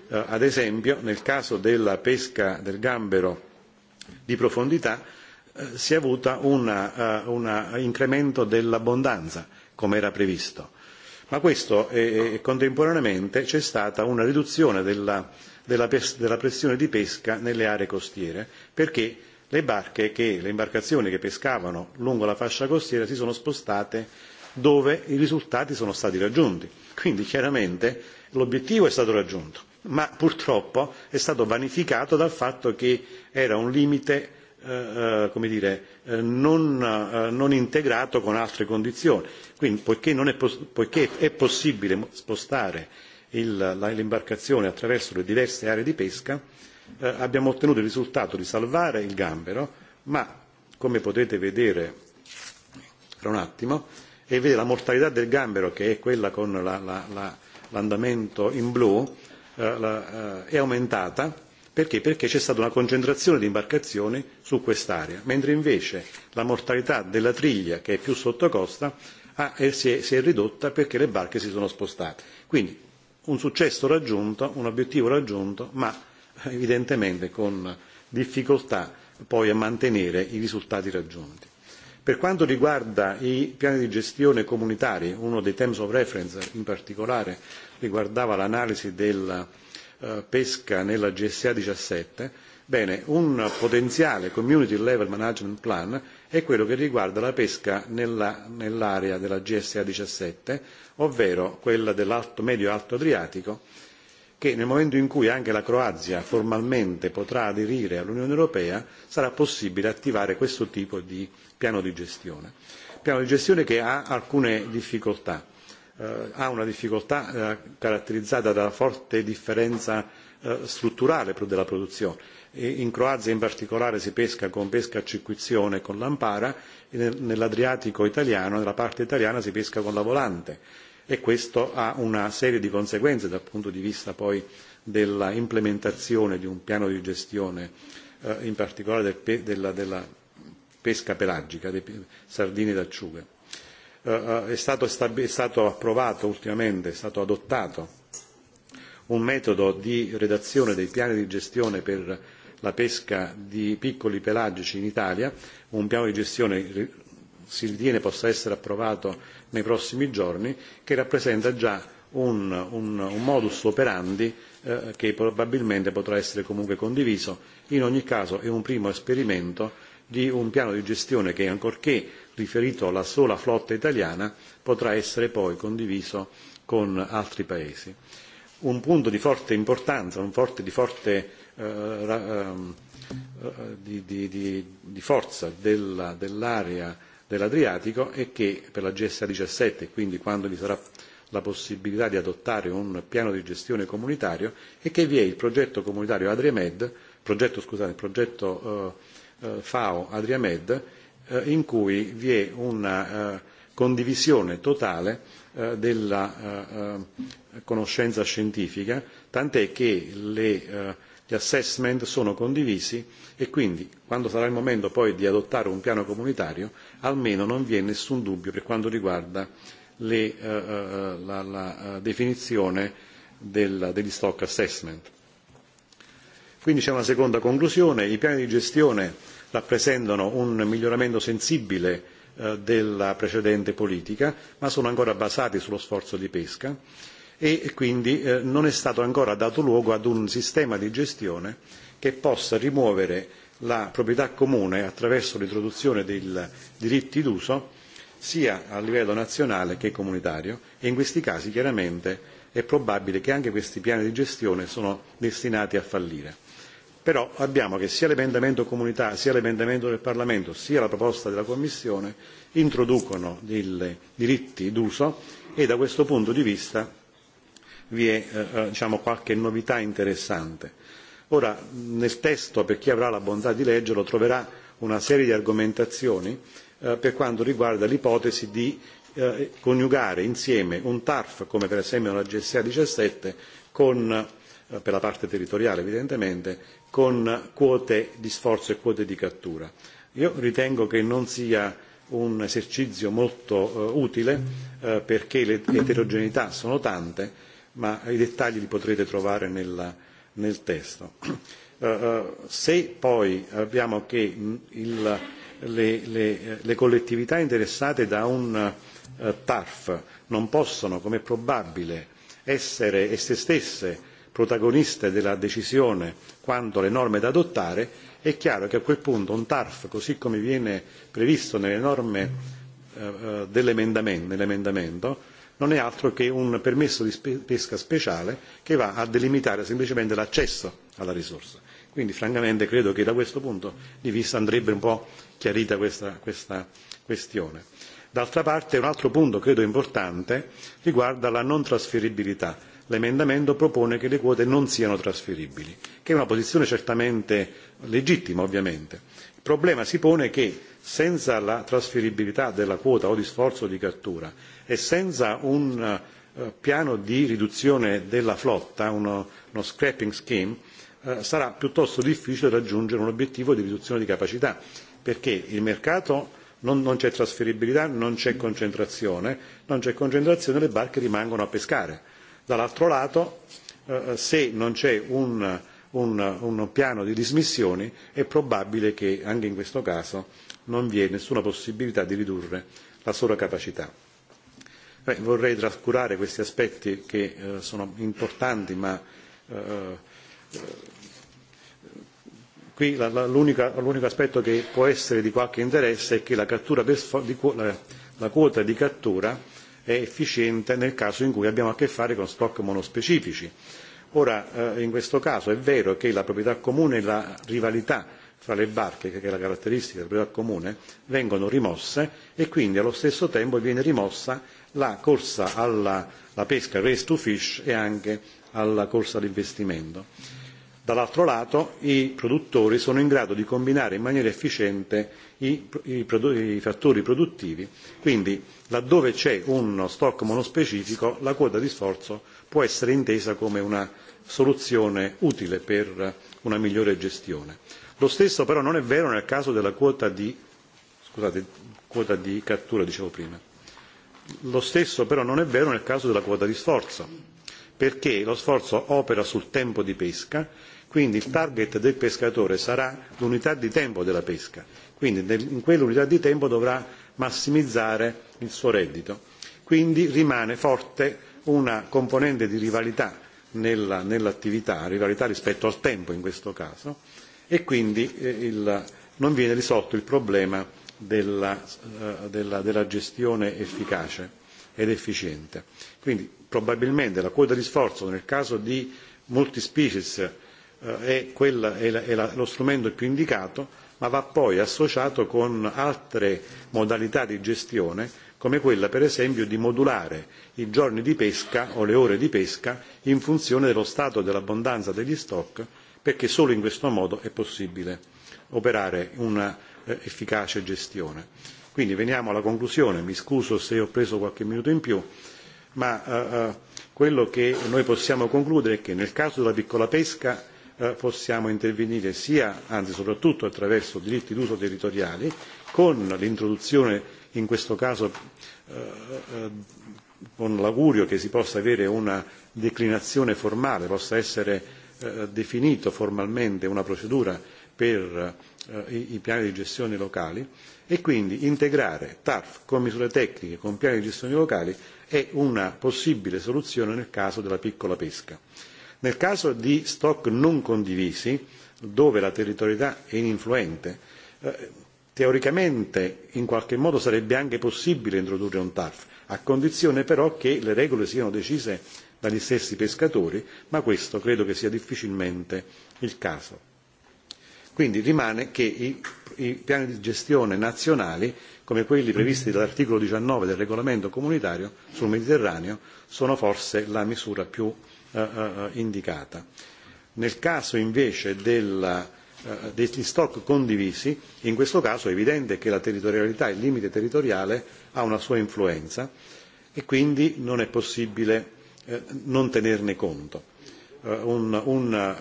Eh, ad esempio nel caso della pesca del gambero di profondità eh, si è avuto un eh, incremento dell'abbondanza come era previsto ma questo eh, eh, contemporaneamente c'è stata una riduzione della, della, della pressione di pesca nelle aree costiere perché le barche che, le imbarcazioni che pescavano lungo la fascia costiera si sono spostate dove i risultati sono stati raggiunti. Quindi chiaramente l'obiettivo è stato raggiunto, ma purtroppo è stato vanificato dal fatto che era un limite eh, eh come dire, eh, non, eh, non integrato con altre condizioni Quindi, poiché, non è, poiché è possibile spostare l'imbarcazione attraverso le diverse aree di pesca, eh, abbiamo ottenuto il risultato di salvare il gambero, ma come potete vedere tra un attimo, e vede la mortalità del gambero, che è quella con la, la, la, l'andamento in blu, eh, la, eh, è aumentata perché? Perché c'è stata una concentrazione di imbarcazioni su quest'area, mentre invece la mortalità della triglia, che è più sottocosta, ha, ah, eh, si, è, si è ridotta perché le barche si sono spostate. Quindi un successo raggiunto, un obiettivo raggiunto, ma eh, evidentemente con difficoltà poi a mantenere i risultati raggiunti. Per quanto riguarda i piani di gestione comunitari, uno dei terms of reference in particolare riguardava l'analisi della eh, pesca nella GSA 17, bene, un potenziale community level management plan è quello che riguarda la pesca nella, nell'area della GSA 17, ovvero quella dell'alto, medio-alto Adriatico, che nel momento in cui anche la Croazia formalmente potrà aderire all'Unione Europea sarà possibile attivare questo tipo di piano di gestione. Piano di gestione che ha alcune difficoltà. Eh, ha una difficoltà eh, caratterizzata da forte differenza Eh, strutturale della produzione. in croazia in particolare si pesca con pesca a circuizione e con l'ampara e nell'adriatico italiano nella parte italiana si pesca con la volante e questo ha una serie di conseguenze dal punto di vista poi dell'implementazione di un piano di gestione eh, in particolare della pesca pelagica dei sardini ed acciughe. Eh, è stato approvato ultimamente è stato adottato un metodo di redazione dei piani di gestione per la pesca di piccoli pelagici in Italia, un piano di gestione che si ritiene possa essere approvato nei prossimi giorni, che rappresenta già un, un, un modus operandi eh, che probabilmente potrà essere comunque condiviso. In ogni caso è un primo esperimento di un piano di gestione che, ancorché riferito alla sola flotta italiana, potrà essere poi condiviso con altri paesi un punto di forte importanza, un forte di forte uh, uh, di, di, di, di forza della, dell'area dell'Adriatico è che per la GSA 17, quindi quando vi sarà la possibilità di adottare un piano di gestione comunitario, è che vi è il progetto comunitario Adriamed, progetto, scusate, progetto eh, eh FAO Adriamed, eh, in cui vi è una eh, condivisione totale della, conoscenza scientifica tant'è che le, eh, gli assessment sono condivisi e quindi quando sarà il momento poi di adottare un piano comunitario almeno non vi è nessun dubbio per quanto riguarda le, eh, eh, la, la definizione del, degli stock assessment. Quindi c'è una seconda conclusione, i piani di gestione rappresentano un miglioramento sensibile della precedente politica, ma sono ancora basati sullo sforzo di pesca e quindi eh, non è stato ancora dato luogo ad un sistema di gestione che possa rimuovere la proprietà comune attraverso l'introduzione dei diritti d'uso sia a livello nazionale che comunitario e in questi casi chiaramente è probabile che anche questi piani di gestione sono destinati a fallire. Però abbiamo che sia l'emendamento comunità, sia l'emendamento del Parlamento, sia la proposta della Commissione introducono dei diritti d'uso e da questo punto di vista vi è eh, eh, diciamo, qualche novità interessante. Ora, nel testo, per chi avrà la bontà di leggerlo, troverà una serie di argomentazioni eh, per quanto riguarda l'ipotesi di eh, coniugare insieme un TARF, come per esempio la GSA 17, con, eh, per la parte territoriale evidentemente, con quote di sforzo e quote di cattura. Io ritengo che non sia un esercizio molto eh, utile eh, perché le eterogeneità sono tante ma i dettagli li potrete trovare nel, nel testo. Uh, se poi abbiamo che mm, il, le, le, le collettività interessate da un uh, TARF non possono, come è probabile, essere esse stesse protagoniste della decisione quanto le norme da adottare, è chiaro che a quel punto un TARF, così come viene previsto nelle norme uh, dell'emendamento, nell'emendamento non è altro che un permesso di pesca speciale che va a delimitare semplicemente l'accesso alla risorsa. Quindi francamente credo che da questo punto di vista andrebbe un po' chiarita questa, questa questione. D'altra parte un altro punto credo importante riguarda la non trasferibilità. L'emendamento propone che le quote non siano trasferibili, che è una posizione certamente legittima ovviamente problema si pone che senza la trasferibilità della quota o di sforzo di cattura e senza un eh, piano di riduzione della flotta uno, scrapping scheme eh, sarà piuttosto difficile raggiungere un obiettivo di riduzione di capacità perché il mercato non, non c'è trasferibilità, non c'è concentrazione, non c'è concentrazione le barche rimangono a pescare. Dall'altro lato eh, se non c'è un un, un piano di dismissioni è probabile che anche in questo caso non vi è nessuna possibilità di ridurre la capacità. Beh, vorrei trascurare questi aspetti che eh, sono importanti ma eh, eh qui l'unico aspetto che può essere di qualche interesse è che la, cattura per, di, la, la quota di cattura è efficiente nel caso in cui abbiamo a che fare con stock monospecifici Ora, eh, in questo caso è vero che la proprietà comune e la rivalità fra le barche, che è la caratteristica della proprietà comune, vengono rimosse e quindi allo stesso tempo viene rimossa la corsa alla la pesca race to fish e anche alla corsa all'investimento. Dall'altro lato i produttori sono in grado di combinare in maniera efficiente i, i, i fattori produttivi, quindi laddove c'è uno stock monospecifico la quota di sforzo può essere intesa come una soluzione utile per una migliore gestione. Lo stesso però non è vero nel caso della quota di, scusate, quota di cattura, dicevo prima. Lo stesso però non è vero nel caso della quota di sforzo, perché lo sforzo opera sul tempo di pesca, quindi il target del pescatore sarà l'unità di tempo della pesca, quindi in quell'unità di tempo dovrà massimizzare il suo reddito. Quindi rimane forte una componente di rivalità nella, nell'attività, rivalità rispetto al tempo in questo caso, e quindi eh, il, non viene risolto il problema della, eh, della, della gestione efficace ed efficiente. Quindi probabilmente la quota di sforzo nel caso di multispecies eh, è, quella, è, la, è la, lo strumento più indicato, ma va poi associato con altre modalità di gestione come quella per esempio di modulare i giorni di pesca o le ore di pesca in funzione dello stato dell'abbondanza degli stock perché solo in questo modo è possibile operare un'efficace eh, gestione. quindi veniamo alla conclusione mi scuso se ho preso qualche minuto in più ma eh, eh, quello che noi possiamo concludere è che nel caso della piccola pesca possiamo intervenire sia anzi soprattutto attraverso diritti d'uso territoriali con l'introduzione in questo caso eh, eh, con l'augurio che si possa avere una declinazione formale, possa essere eh, definito formalmente una procedura per eh, i, i piani di gestione locali e quindi integrare TARF con misure tecniche, con piani di gestione locali è una possibile soluzione nel caso della piccola pesca. Nel caso di stock non condivisi, dove la territorialità è ininfluente, eh, teoricamente in qualche modo sarebbe anche possibile introdurre un tarf a condizione però che le regole siano decise dagli stessi pescatori ma questo credo che sia difficilmente il caso. quindi rimane che i, piani di gestione nazionali come quelli previsti dall'articolo diciannove del regolamento comunitario sul mediterraneo sono forse la misura più eh, eh, eh indicata. nel caso invece della Eh, degli stock condivisi, in questo caso è evidente che la territorialità, il limite territoriale ha una sua influenza e quindi non è possibile eh, non tenerne conto. Eh, un, un,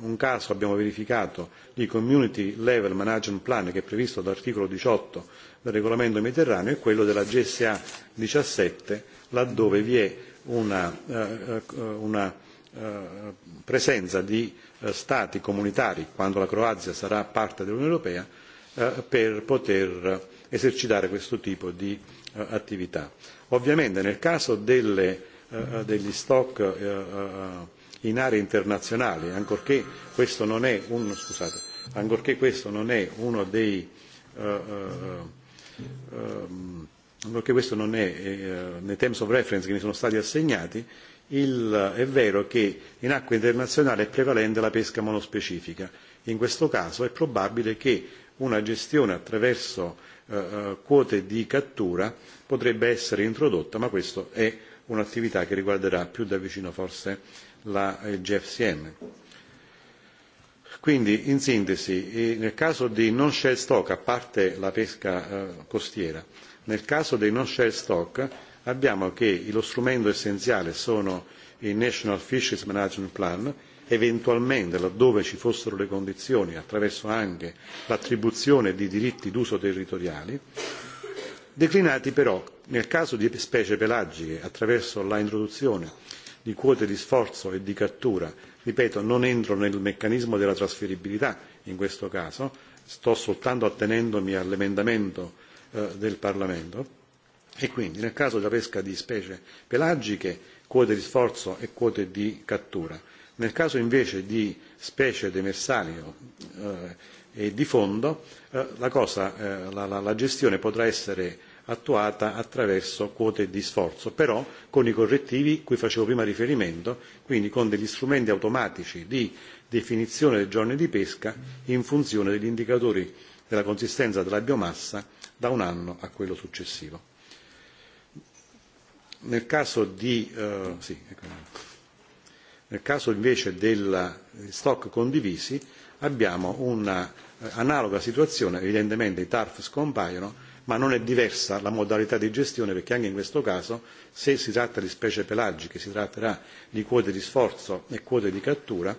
un caso abbiamo verificato di Community Level Management Plan che è previsto dall'articolo 18 del regolamento mediterraneo è quello della GSA 17 laddove vi è una, una presenza di Eh, stati comunitari quando la Croazia sarà parte dell'Unione Europea eh, per poter esercitare questo tipo di eh, attività. Ovviamente nel caso degli stock in aree internazionali, ancorché questo non è, un, scusate, ancorché questo non è uno dei ehm, ancorché questo non è nei terms of reference che ne sono stati assegnati, è vero che in acque internazionali è prevalente la pesca monospecifica. In questo caso è probabile che una gestione attraverso eh, eh, quote di cattura potrebbe essere introdotta, ma questa è un'attività che riguarderà più da vicino forse la, il eh, GFCM. Quindi, in sintesi, nel caso di non shell stock, a parte la pesca eh, costiera, nel caso dei non shell stock abbiamo che lo strumento essenziale sono i National Fisheries Management Plan, eventualmente laddove ci fossero le condizioni attraverso anche l'attribuzione di diritti d'uso territoriali, declinati però nel caso di specie pelagiche attraverso l'introduzione di quote di sforzo e di cattura, ripeto non entro nel meccanismo della trasferibilità in questo caso, sto soltanto attenendomi all'emendamento eh, del Parlamento, e quindi nel caso della pesca di specie pelagiche quote di sforzo e quote di cattura. Nel caso invece di specie demersali eh, e di fondo eh, la, cosa, eh, la, la, la gestione potrà essere attuata attraverso quote di sforzo, però con i correttivi cui facevo prima riferimento, quindi con degli strumenti automatici di definizione dei giorni di pesca in funzione degli indicatori della consistenza della biomassa da un anno a quello successivo. Nel caso, di, eh, sì, nel caso invece degli stock condivisi abbiamo un'analoga eh, situazione, evidentemente i TARF scompaiono, ma non è diversa la modalità di gestione perché anche in questo caso se si tratta di specie pelagiche si tratterà di quote di sforzo e quote di cattura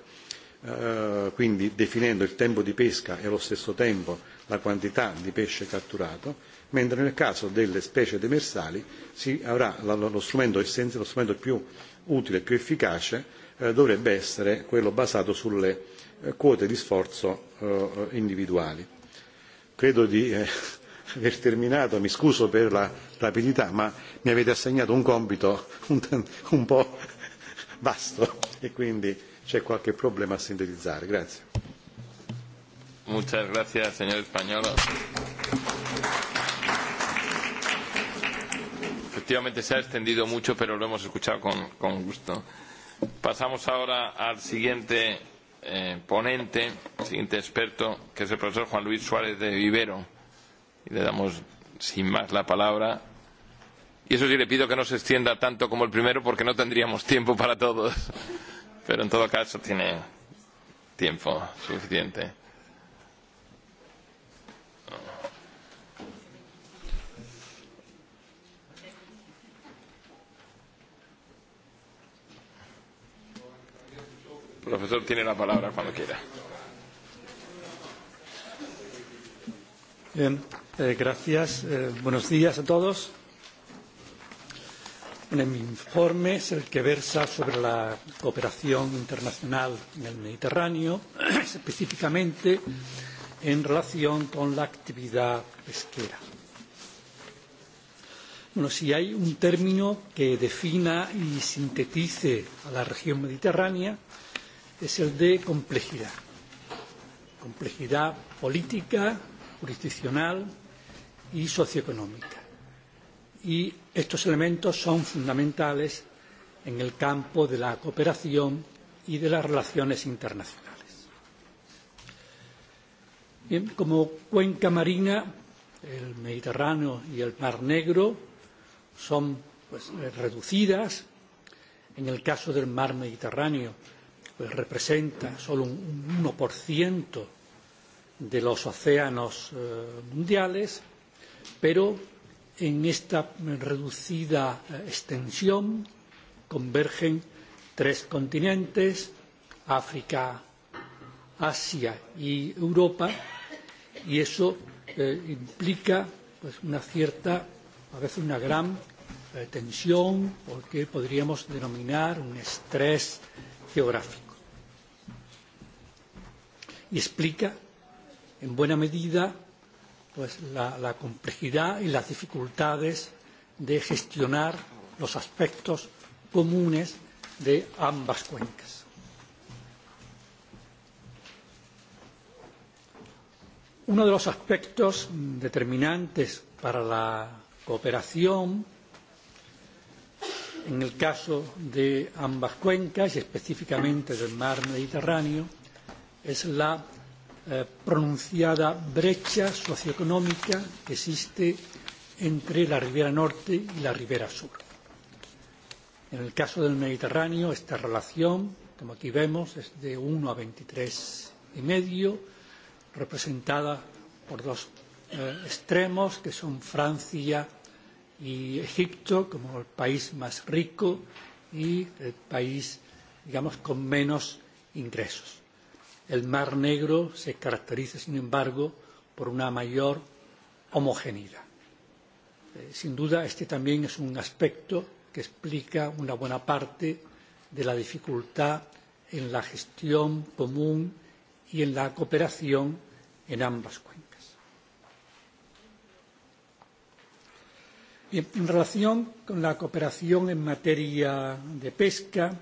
eh, quindi definendo il tempo di pesca e allo stesso tempo la quantità di pesce catturato mentre nel caso delle specie demersali si avrà lo strumento, lo strumento più utile e più efficace eh, dovrebbe essere quello basato sulle eh, quote di sforzo eh, individuali. Credo di eh, aver terminato, mi scuso per la rapidità, ma mi avete assegnato un compito un, un po' vasto e quindi c'è qualche problema a sintetizzare. Grazie. Muchas gracias, señor Español. efectivamente se ha extendido mucho, pero lo hemos escuchado con, con gusto. Pasamos ahora al siguiente eh, ponente, siguiente experto, que es el profesor Juan Luis Suárez de Vivero. Y le damos, sin más, la palabra. Y eso sí, le pido que no se extienda tanto como el primero, porque no tendríamos tiempo para todos. Pero en todo caso, tiene tiempo suficiente. profesor tiene la palabra cuando quiera. Bien, eh, gracias. Eh, buenos días a todos. Bueno, mi informe es el que versa sobre la cooperación internacional en el Mediterráneo, específicamente en relación con la actividad pesquera. Bueno, si hay un término que defina y sintetice a la región mediterránea, es el de complejidad. Complejidad política, jurisdiccional y socioeconómica. Y estos elementos son fundamentales en el campo de la cooperación y de las relaciones internacionales. Bien, como cuenca marina, el Mediterráneo y el Mar Negro son pues, reducidas. En el caso del Mar Mediterráneo, representa solo un 1% de los océanos eh, mundiales, pero en esta reducida eh, extensión convergen tres continentes, África, Asia y Europa, y eso eh, implica pues, una cierta, a veces una gran eh, tensión, o que podríamos denominar un estrés geográfico y explica en buena medida pues, la, la complejidad y las dificultades de gestionar los aspectos comunes de ambas cuencas. Uno de los aspectos determinantes para la cooperación en el caso de ambas cuencas y específicamente del mar Mediterráneo es la eh, pronunciada brecha socioeconómica que existe entre la ribera norte y la ribera sur. En el caso del Mediterráneo, esta relación, como aquí vemos, es de 1 a 23 y medio, representada por dos eh, extremos, que son Francia y Egipto, como el país más rico y el país, digamos, con menos ingresos. El Mar Negro se caracteriza, sin embargo, por una mayor homogeneidad. Eh, sin duda, este también es un aspecto que explica una buena parte de la dificultad en la gestión común y en la cooperación en ambas cuencas. Bien, en relación con la cooperación en materia de pesca,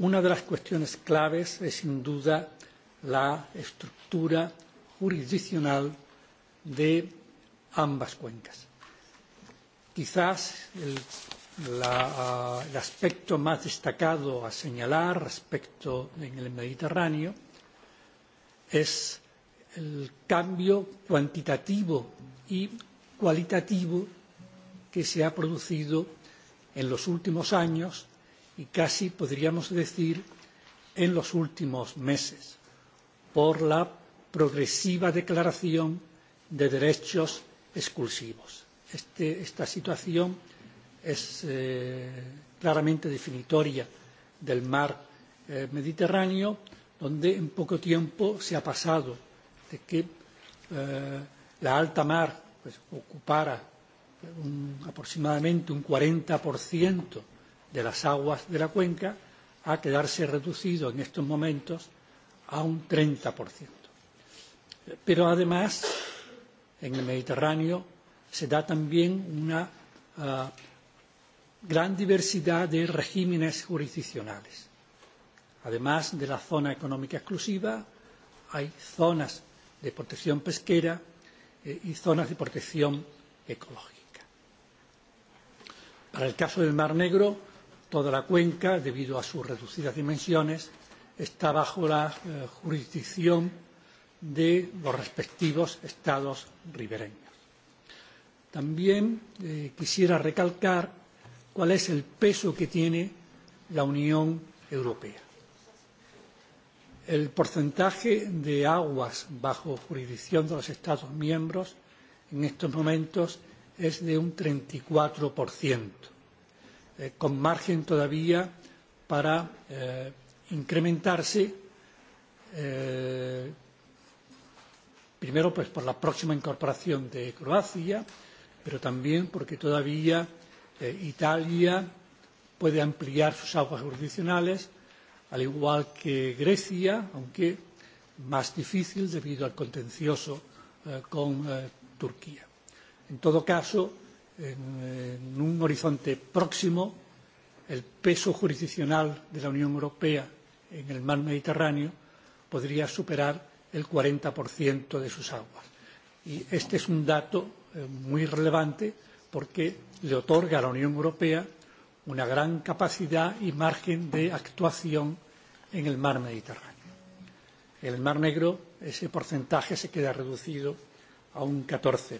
una de las cuestiones claves es, sin duda, la estructura jurisdiccional de ambas cuencas. Quizás el, la, el aspecto más destacado a señalar respecto en el Mediterráneo es el cambio cuantitativo y cualitativo que se ha producido en los últimos años y casi podríamos decir en los últimos meses por la progresiva declaración de derechos exclusivos. Este, esta situación es eh, claramente definitoria del mar eh, Mediterráneo, donde en poco tiempo se ha pasado de que eh, la alta mar pues, ocupara un, aproximadamente un 40% de las aguas de la cuenca a quedarse reducido en estos momentos a un 30%. Pero además, en el Mediterráneo se da también una uh, gran diversidad de regímenes jurisdiccionales. Además de la zona económica exclusiva, hay zonas de protección pesquera eh, y zonas de protección ecológica. Para el caso del Mar Negro, Toda la cuenca, debido a sus reducidas dimensiones, está bajo la eh, jurisdicción de los respectivos estados ribereños. También eh, quisiera recalcar cuál es el peso que tiene la Unión Europea. El porcentaje de aguas bajo jurisdicción de los Estados miembros en estos momentos es de un 34% eh, con margen todavía para eh, incrementarse eh, primero pues por la próxima incorporación de Croacia, pero también porque todavía eh, Italia puede ampliar sus aguas jurisdiccionales, al igual que Grecia, aunque más difícil debido al contencioso eh, con eh, Turquía. En todo caso, en, en un horizonte próximo el peso jurisdiccional de la Unión Europea en el mar Mediterráneo podría superar el 40% de sus aguas. Y este es un dato eh, muy relevante porque le otorga a la Unión Europea una gran capacidad y margen de actuación en el mar Mediterráneo. En el mar Negro ese porcentaje se queda reducido a un 14%.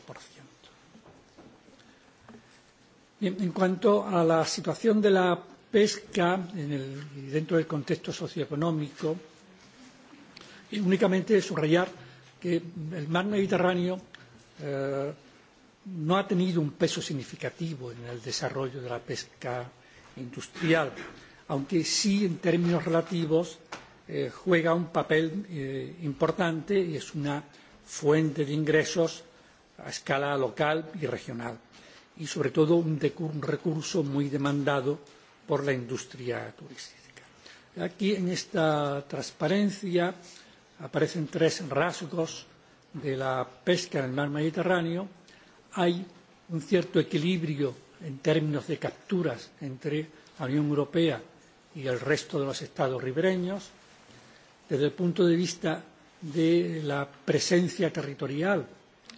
Bien, en cuanto a la situación de la pesca en el, dentro del contexto socioeconómico, y únicamente subrayar que el mar Mediterráneo eh, no ha tenido un peso significativo en el desarrollo de la pesca industrial, aunque sí en términos relativos eh, juega un papel eh, importante y es una fuente de ingresos a escala local y regional y sobre todo un, un recurso muy demandado por la industria turística. Aquí en esta transparencia aparecen tres rasgos de la pesca en el mar Mediterráneo. Hay un cierto equilibrio en términos de capturas entre la Unión Europea y el resto de los estados ribereños. Desde el punto de vista de la presencia territorial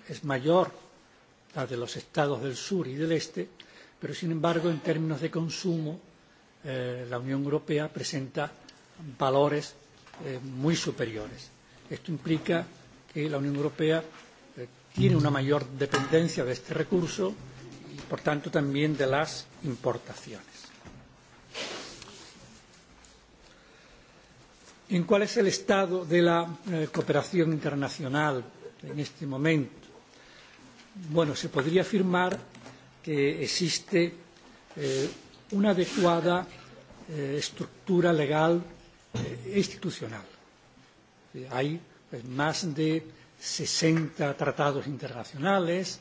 es mayor la de los estados del sur y del este, pero sin embargo en términos de consumo eh, la Unión Europea presenta valores eh, muy superiores. Esto implica que la Unión Europea eh, tiene una mayor dependencia de este recurso y por tanto también de las importaciones. ¿En cuál es el estado de la eh, cooperación internacional en este momento? Bueno, se podría afirmar que existe eh, una adecuada eh, estructura legal eh, institucional. hay pues, más de 60 tratados internacionales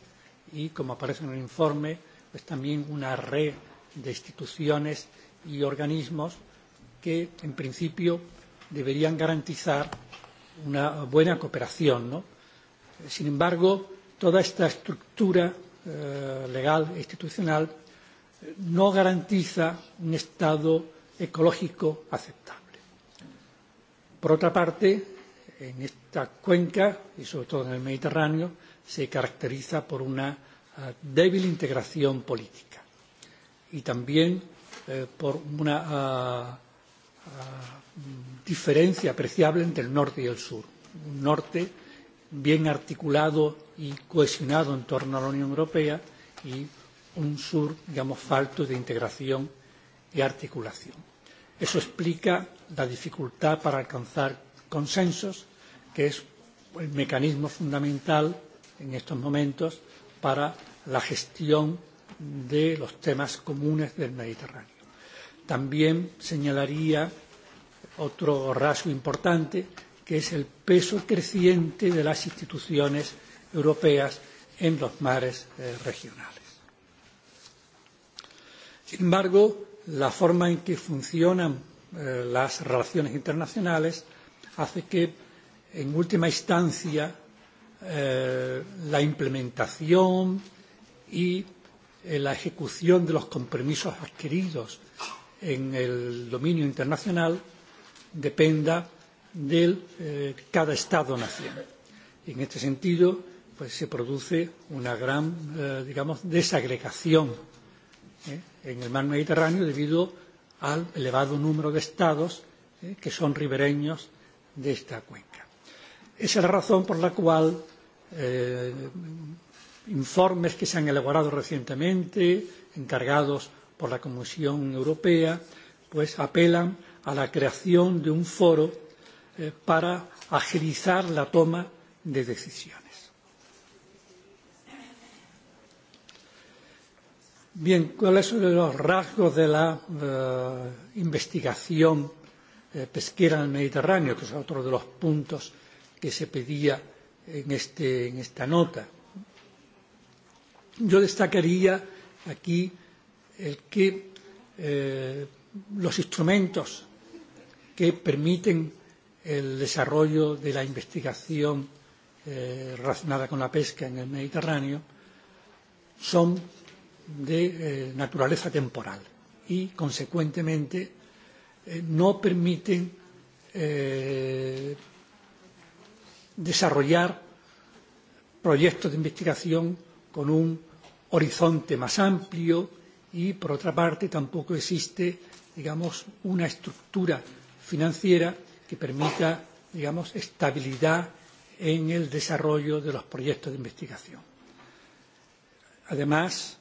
y, como aparece en el informe, pues, también una red de instituciones y organismos que, en principio, deberían garantizar una buena cooperación. ¿no? Sin embargo, toda esta estructura eh, legal e institucional no garantiza un estado ecológico aceptable. Por otra parte, en esta cuenca y sobre todo en el Mediterráneo se caracteriza por una eh, débil integración política y también eh, por una ah, ah, diferencia apreciable entre el norte y el sur. Un norte bien articulado y cohesionado en torno a la Unión Europea y un sur, digamos, falto de integración y articulación. Eso explica la dificultad para alcanzar consensos, que es el mecanismo fundamental en estos momentos para la gestión de los temas comunes del Mediterráneo. También señalaría otro rasgo importante que es el peso creciente de las instituciones europeas en los mares eh, regionales. Sin embargo, la forma en que funcionan eh, las relaciones internacionales hace que, en última instancia, eh, la implementación y eh, la ejecución de los compromisos adquiridos en el dominio internacional dependa de eh, cada Estado-nación. En este sentido, pues se produce una gran, eh, digamos, desagregación eh, en el mar Mediterráneo debido al elevado número de estados eh, que son ribereños de esta cuenca. Esa es la razón por la cual eh, informes que se han elaborado recientemente, encargados por la Comisión Europea, pues apelan a la creación de un foro Eh, para agilizar la toma de decisiones. Bien, ¿cuáles son los rasgos de la eh, investigación eh, pesquera en el Mediterráneo? Que es otro de los puntos que se pedía en, este, en esta nota. Yo destacaría aquí el que eh, los instrumentos que permiten el desarrollo de la investigación eh, relacionada con la pesca en el Mediterráneo son de eh, naturaleza temporal y, consecuentemente, eh, no permiten eh, desarrollar proyectos de investigación con un horizonte más amplio y, por otra parte, tampoco existe, digamos, una estructura financiera que permita, digamos, estabilidad en el desarrollo de los proyectos de investigación. Además,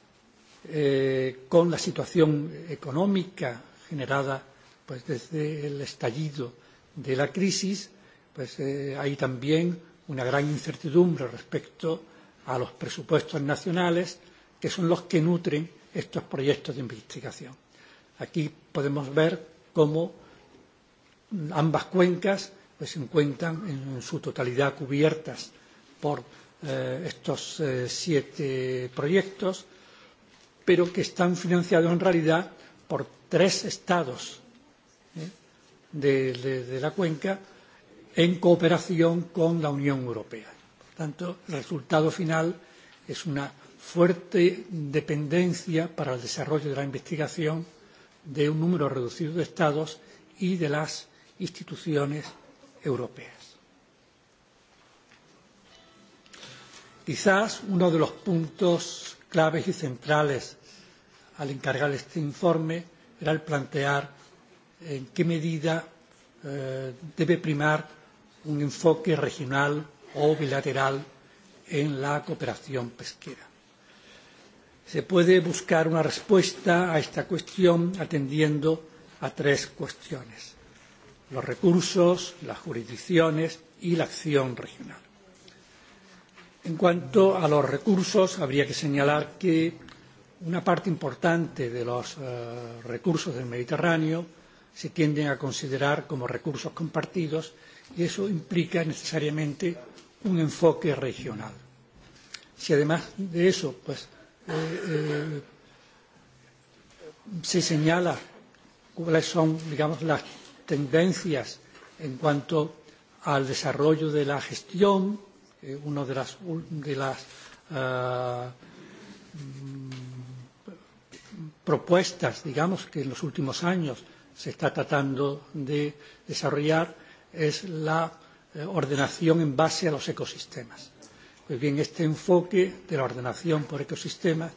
eh, con la situación económica generada pues, desde el estallido de la crisis, pues eh, hay también una gran incertidumbre respecto a los presupuestos nacionales, que son los que nutren estos proyectos de investigación. Aquí podemos ver cómo ambas cuencas pues se encuentran en, en su totalidad cubiertas por eh, estos eh, siete proyectos, pero que están financiados en realidad por tres estados ¿eh? de, de, de la cuenca en cooperación con la Unión Europea. Por tanto, el resultado final es una fuerte dependencia para el desarrollo de la investigación de un número reducido de estados y de las instituciones europeas. Quizás uno de los puntos claves y centrales al encargar este informe era el plantear en qué medida eh, debe primar un enfoque regional o bilateral en la cooperación pesquera. Se puede buscar una respuesta a esta cuestión atendiendo a tres cuestiones los recursos, las jurisdicciones y la acción regional. En cuanto a los recursos, habría que señalar que una parte importante de los eh, recursos del Mediterráneo se tienden a considerar como recursos compartidos y eso implica necesariamente un enfoque regional. Si además de eso pues, eh, eh, se señala cuáles son digamos, las tendencias en cuanto al desarrollo de la gestión, eh, una de las, de las uh, propuestas, digamos, que en los últimos años se está tratando de desarrollar es la eh, ordenación en base a los ecosistemas. Pues bien, este enfoque de la ordenación por ecosistemas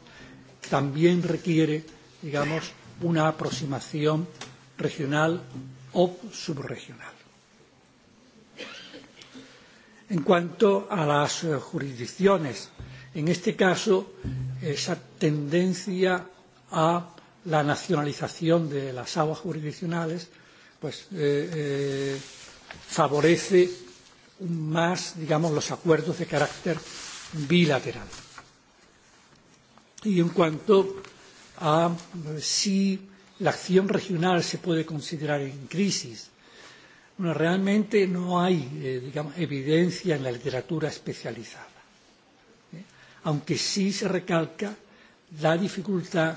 también requiere, digamos, una aproximación regional o subregional. En cuanto a las eh, jurisdicciones, en este caso, esa tendencia a la nacionalización de las aguas jurisdiccionales pues, eh, eh, favorece más, digamos, los acuerdos de carácter bilateral. Y en cuanto a eh, si la acción regional se puede considerar en crisis. Bueno, realmente no hay eh, digamos, evidencia en la literatura especializada, ¿eh? aunque sí se recalca la dificultad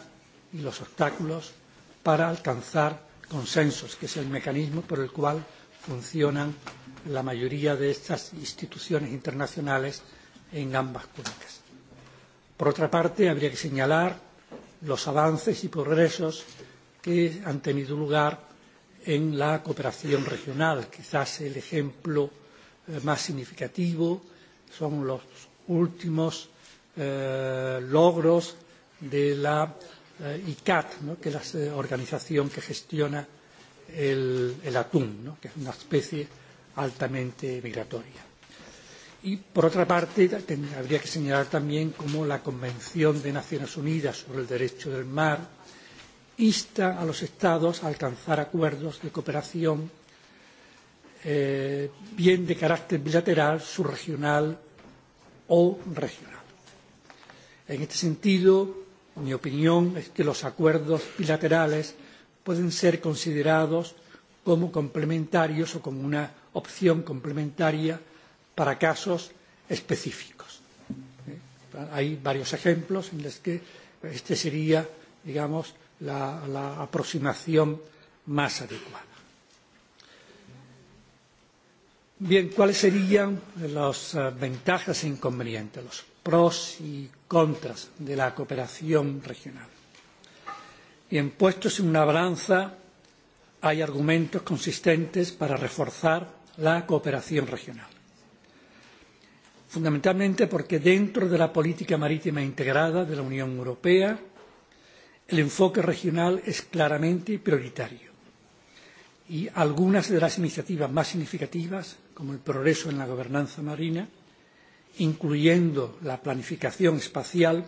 y los obstáculos para alcanzar consensos, que es el mecanismo por el cual funcionan la mayoría de estas instituciones internacionales en ambas cuencas. Por otra parte, habría que señalar los avances y progresos que han tenido lugar en la cooperación regional. Quizás el ejemplo eh, más significativo son los últimos eh, logros de la eh, ICAT, ¿no? que es la eh, organización que gestiona el, el atún, ¿no? que es una especie altamente migratoria. Y, por otra parte, ten, habría que señalar también cómo la Convención de Naciones Unidas sobre el Derecho del Mar insta a los Estados a alcanzar acuerdos de cooperación, eh, bien de carácter bilateral, subregional o regional. En este sentido, mi opinión es que los acuerdos bilaterales pueden ser considerados como complementarios o como una opción complementaria para casos específicos. ¿Eh? Hay varios ejemplos en los que este sería, digamos, la, la aproximación más adecuada. Bien, ¿cuáles serían las eh, ventajas e inconvenientes, los pros y contras de la cooperación regional? Bien, puestos en una balanza, hay argumentos consistentes para reforzar la cooperación regional. Fundamentalmente porque dentro de la política marítima integrada de la Unión Europea el enfoque regional es claramente prioritario y algunas de las iniciativas más significativas, como el progreso en la gobernanza marina, incluyendo la planificación espacial,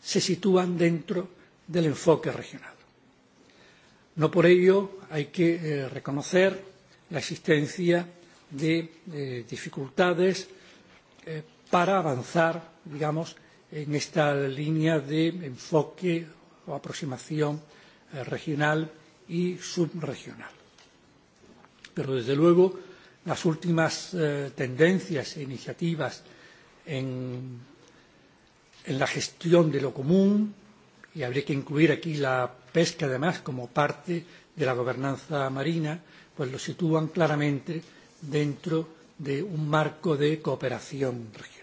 se sitúan dentro del enfoque regional. No por ello hay que eh, reconocer la existencia de eh, dificultades eh, para avanzar, digamos, en esta línea de enfoque o aproximación eh, regional y subregional. Pero, desde luego, las últimas eh, tendencias e iniciativas en, en la gestión de lo común, y habría que incluir aquí la pesca, además, como parte de la gobernanza marina, pues lo sitúan claramente dentro de un marco de cooperación regional.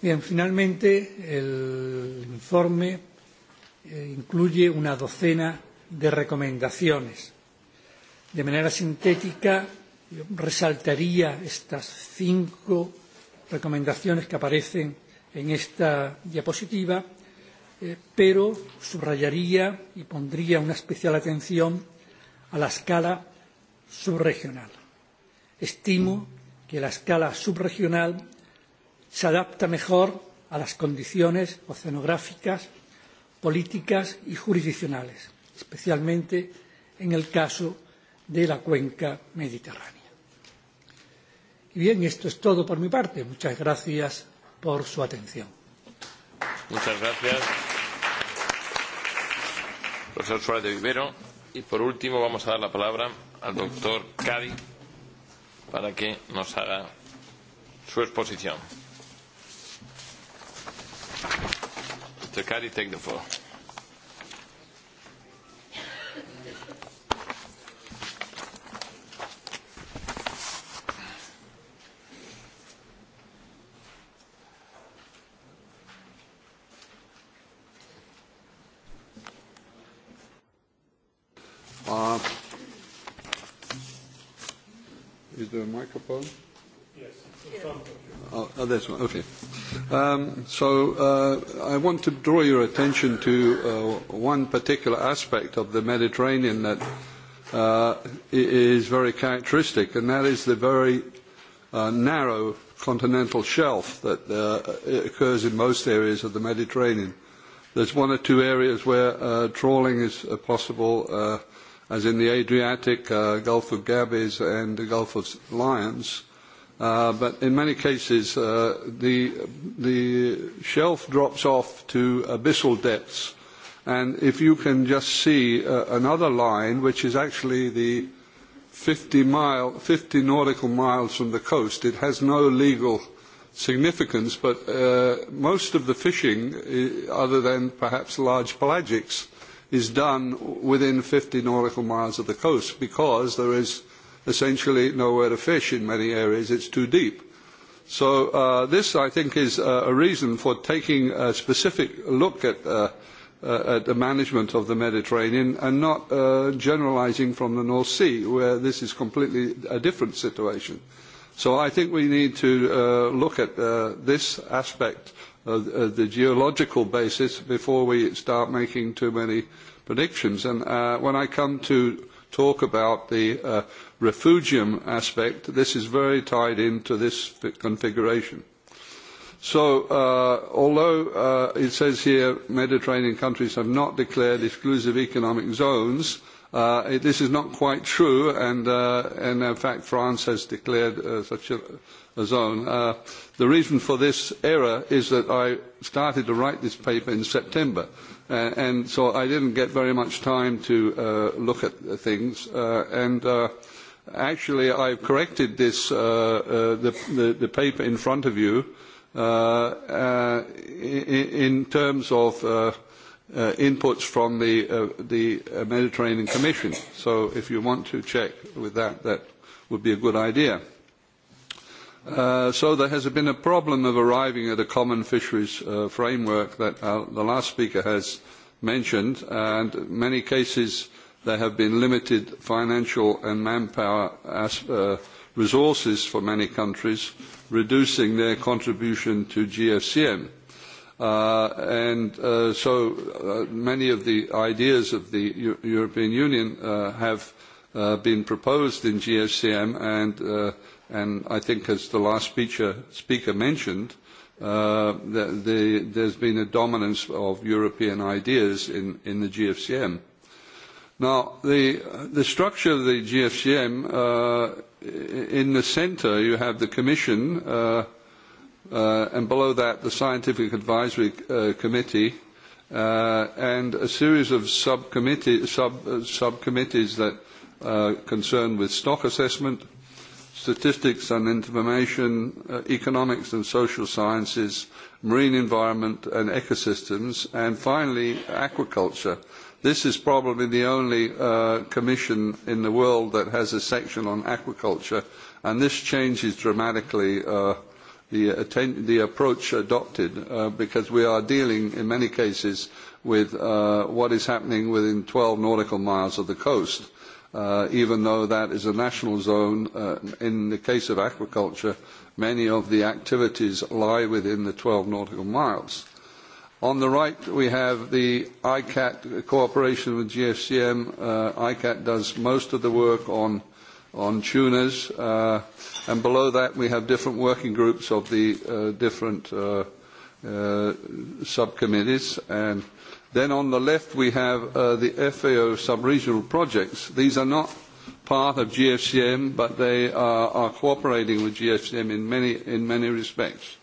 Bien, finalmente, el informe eh, incluye una docena de recomendaciones. De manera sintética, yo resaltaría estas cinco recomendaciones que aparecen en esta diapositiva, eh, pero subrayaría y pondría una especial atención a la escala subregional. Estimo que la escala subregional se adapta mejor a las condiciones oceanográficas, políticas y jurisdiccionales, especialmente en el caso de la cuenca mediterránea. Y bien, esto es todo por mi parte. Muchas gracias por su atención. Muchas gracias. Profesor Suárez de Vivero. Y por último vamos a dar la palabra al doctor Cádiz para que nos haga su exposición. Mr. Kari, take the floor. Uh, is there a microphone? Yes. Oh, oh, that's one. Okay. Um, so uh, I want to draw your attention to uh, one particular aspect of the Mediterranean that uh, is very characteristic, and that is the very uh, narrow continental shelf that uh, occurs in most areas of the Mediterranean. There's one or two areas where uh, trawling is possible, as in the Adriatic, Gulf of Gabes, and the Gulf of Lions Uh, but in many cases, uh, the, the shelf drops off to abyssal depths. And if you can just see uh, another line, which is actually the 50, mile, 50 nautical miles from the coast, it has no legal significance, but uh, most of the fishing, uh, other than perhaps large pelagics, is done within 50 nautical miles of the coast because there is – essentially nowhere to fish in many areas. It's too deep. So uh, this, I think, is uh, a reason for taking a specific look at, uh, uh at the management of the Mediterranean and not uh, generalising from the North Sea, where this is completely a different situation. So I think we need to uh, look at this aspect of the geological basis before we start making too many predictions. And when I come to talk about the refugium aspect, this is very tied into this configuration. So uh, although uh, it says here Mediterranean countries have not declared exclusive economic zones, uh, it, this is not quite true, and, uh, and, in fact France has declared uh, such a, a zone. Uh, the reason for this error is that I started to write this paper in September, and, and so I didn't get very much time to look at things, and Actually, I've corrected this, uh, uh, the, the, the, paper in front of you, uh, uh in, in, terms of uh, uh, inputs from the, the Mediterranean Commission. So if you want to check with that, that would be a good idea. so there has been a problem of arriving at a common fisheries framework that the last speaker has mentioned, and many cases There have been limited financial and manpower as, uh, resources for many countries, reducing their contribution to GFCM. Uh, and uh, so uh, many of the ideas of the U European Union uh, have uh, been proposed in GFCM and, uh, and I think as the last speaker, speaker mentioned, the, the, there's been a dominance of European ideas in, in the GFCM. Now, the, the structure of the GFCM, uh, in the centre you have the Commission, uh, uh, and below that the Scientific Advisory uh, Committee, uh, and a series of subcommittee, sub, uh, subcommittees that are concerned with stock assessment, statistics and information, economics and social sciences, marine environment and ecosystems, and finally aquaculture This is probably the only uh, commission in the world that has a section on aquaculture, and this changes dramatically uh, the, the, approach adopted uh, because we are dealing in many cases with uh, what is happening within 12 nautical miles of the coast. Uh, even though that is a national zone, uh, in the case of aquaculture, many of the activities lie within the 12 nautical miles. On the right, we have the ICAT cooperation with GFCM. Uh, ICAT does most of the work on, on tuners. Uh, and below that, we have different working groups of the uh, different uh, uh, subcommittees. And then on the left, we have uh, the FAO sub-regional projects. These are not part of GFCM, but they are, are cooperating with GFCM in many, in many respects.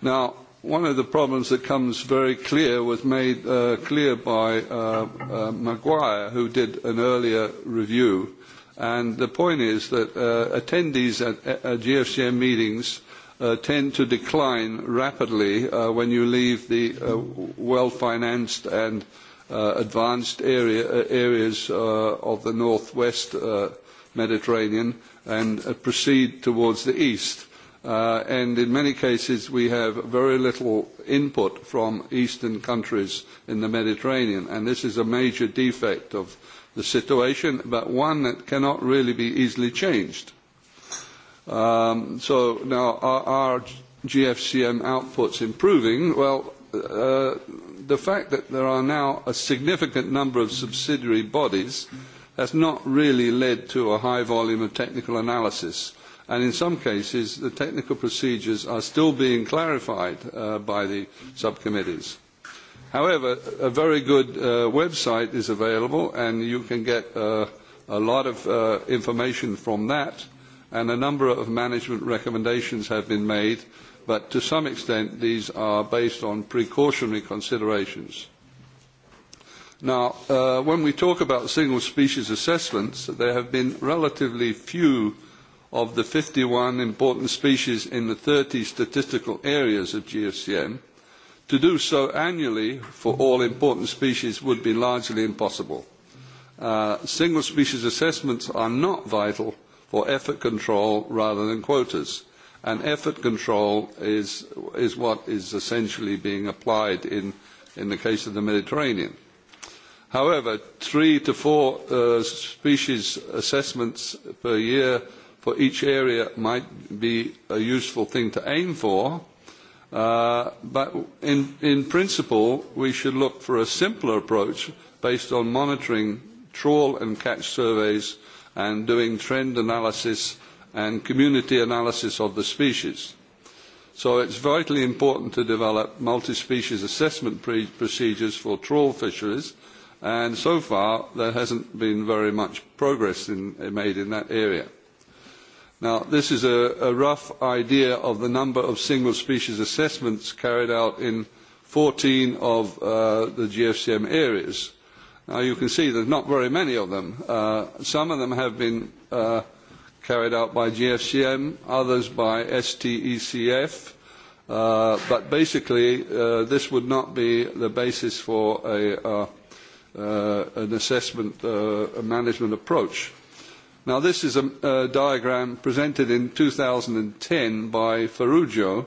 Now, one of the problems that comes very clear was made uh, clear by uh, uh Maguire, who did an earlier review. And the point is that uh, attendees at, at GFCM meetings uh, tend to decline rapidly when you leave the well-financed and advanced area, areas of the northwest Mediterranean and proceed towards the east Uh, and in many cases we have very little input from eastern countries in the Mediterranean and this is a major defect of the situation but one that cannot really be easily changed. Um, so now are, are GFCM outputs improving? Well, uh, the fact that there are now a significant number of subsidiary bodies has not really led to a high volume of technical analysis and in some cases the technical procedures are still being clarified uh, by the subcommittees. However, a very good uh, website is available and you can get uh, a lot of uh, information from that and a number of management recommendations have been made but to some extent these are based on precautionary considerations. Now, uh, when we talk about single species assessments, there have been relatively few of the 51 important species in the 30 statistical areas of GFCM, to do so annually for all important species would be largely impossible. Uh, single species assessments are not vital for effort control rather than quotas, and effort control is, is what is essentially being applied in, in the case of the Mediterranean. However, three to four uh, species assessments per year for each area might be a useful thing to aim for, uh, but in, in principle we should look for a simpler approach based on monitoring trawl and catch surveys and doing trend analysis and community analysis of the species. So it's vitally important to develop multi-species assessment procedures for trawl fisheries, and so far there hasn't been very much progress in, made in that area. Now, this is a, a rough idea of the number of single species assessments carried out in 14 of uh, the GFCM areas. Now, you can see there's not very many of them. Uh, some of them have been uh, carried out by GFCM, others by STECF, uh, but basically uh, this would not be the basis for a, uh, uh, an assessment uh, a management approach. Now, this is a, a diagram presented in 2010 by Ferrugio.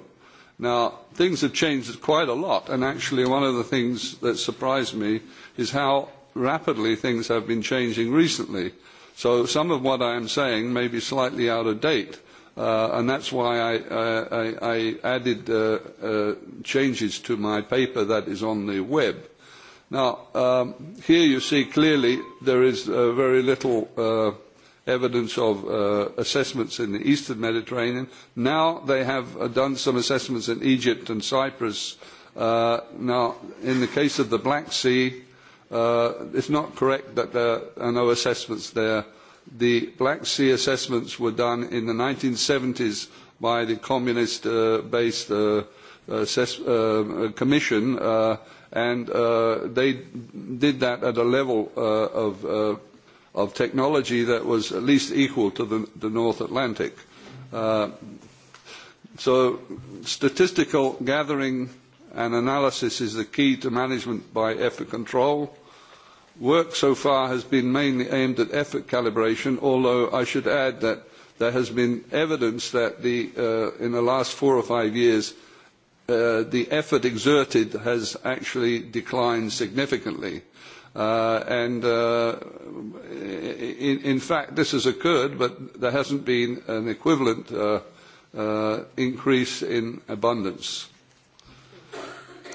Now, things have changed quite a lot, and actually, one of the things that surprised me is how rapidly things have been changing recently. So, some of what I am saying may be slightly out of date. Uh, and that's why I, I, I added uh, uh, changes to my paper that is on the web. Now, um, here you see clearly there is uh, very little uh, evidence of uh, assessments in the eastern Mediterranean. Now they have uh, done some assessments in Egypt and Cyprus. Uh, now, in the case of the Black Sea, uh, it's not correct that there are no assessments there. The Black Sea assessments were done in the 1970s by the communist-based uh, uh, commission, and they did that at a level of of technology that was at least equal to the, the North Atlantic. Uh, so statistical gathering and analysis is the key to management by effort control. Work so far has been mainly aimed at effort calibration, although I should add that there has been evidence that the, uh, in the last four or five years, uh, the effort exerted has actually declined significantly. Uh, and uh, in, fact, this has occurred, but there hasn't been an equivalent uh, increase in abundance.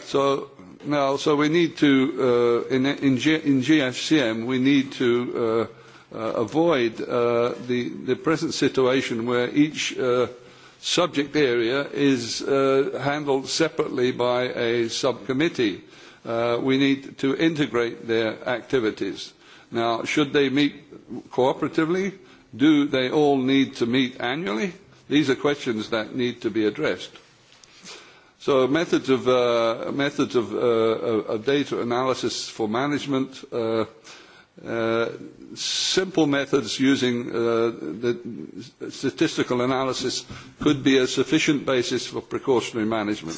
So now, so we need to in, GFCM, we need to avoid the, present situation where each subject area is handled separately by a subcommittee uh, we need to integrate their activities. Now, should they meet cooperatively? Do they all need to meet annually? These are questions that need to be addressed. So methods of, uh, methods of, uh, uh of data analysis for management, uh, uh, simple methods using uh, the statistical analysis could be a sufficient basis for precautionary management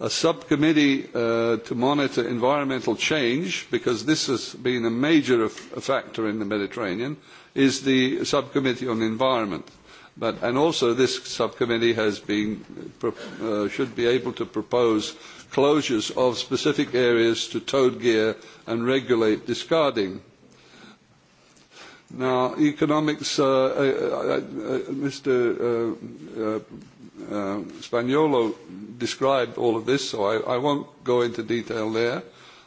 a subcommittee uh, to monitor environmental change, because this has been a major factor in the Mediterranean, is the subcommittee on environment. But, and also this subcommittee has been, uh, uh should be able to propose closures of specific areas to towed gear and regulate discarding. Now, economics, uh, uh, uh, uh Mr. Uh, Spaniolo described all of this, so I, I won't go into detail there.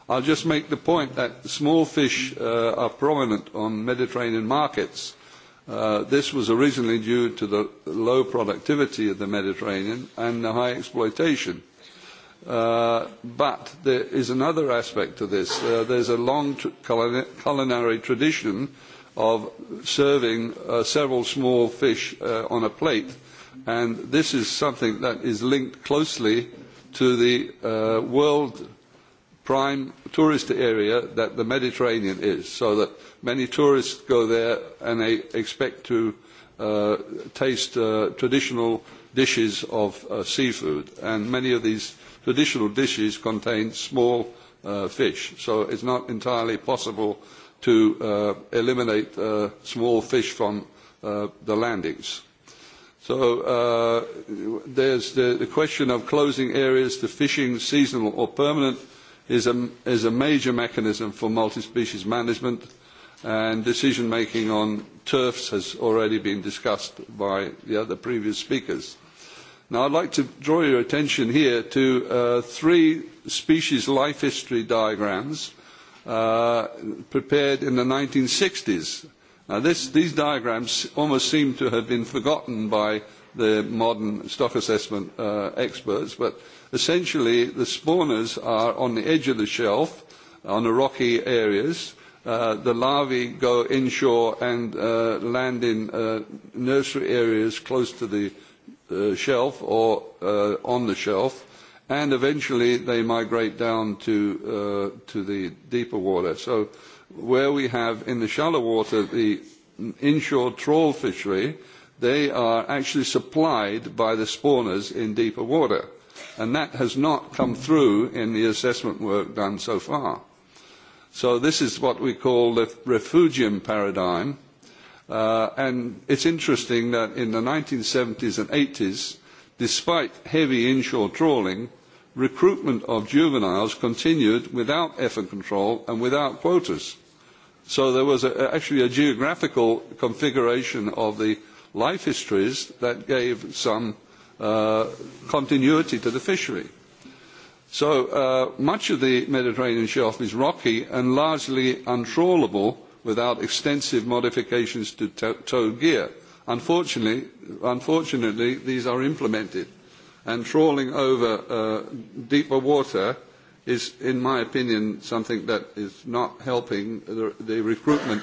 I'll just make the point that small fish uh, are prominent on Mediterranean markets. Uh, this was originally due to the low productivity of the Mediterranean and the high exploitation. Uh, but there is another aspect to this. Uh, there's a long tr culinary tradition of serving uh, several small fish uh, on a plate and this is something that is linked closely to the uh, world prime tourist area that the Mediterranean is, so that many tourists go there and they expect to uh, taste uh, traditional dishes of uh, seafood, and many of these traditional dishes contain small uh, fish, so it's not entirely possible to uh, eliminate uh, small fish from the landings. So uh, there's the, the, question of closing areas to fishing, seasonal or permanent, is a, is a major mechanism for multi-species management, and decision-making on turfs has already been discussed by the other previous speakers. Now, I'd like to draw your attention here to uh, three species life history diagrams uh, prepared in the 1960s Now these diagrams almost seem to have been forgotten by the modern stock assessment uh, experts, but essentially the spawners are on the edge of the shelf, on the rocky areas. Uh, the larvae go inshore and uh, land in uh, nursery areas close to the uh, shelf or on the shelf, and eventually they migrate down to, to the deeper water. So where we have in the shallow water the inshore trawl fishery, they are actually supplied by the spawners in deeper water. And that has not come through in the assessment work done so far. So this is what we call the refugium paradigm. Uh, and it's interesting that in the 1970s and 80s, despite heavy inshore trawling, recruitment of juveniles continued without effort control and without quotas. So there was a, actually a geographical configuration of the life histories that gave some uh, continuity to the fishery. So uh, much of the Mediterranean shelf is rocky and largely untrawlable without extensive modifications to tow gear. Unfortunately, unfortunately, these are implemented, and trawling over uh, deeper water is, in my opinion, something that is not helping the, the recruitment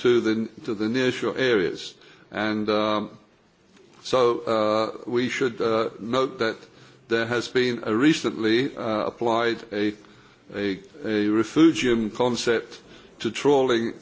to the, to the nearshore areas. And um, so uh, we should uh, note that there has been a recently uh, applied a, a, a refugium concept to trawling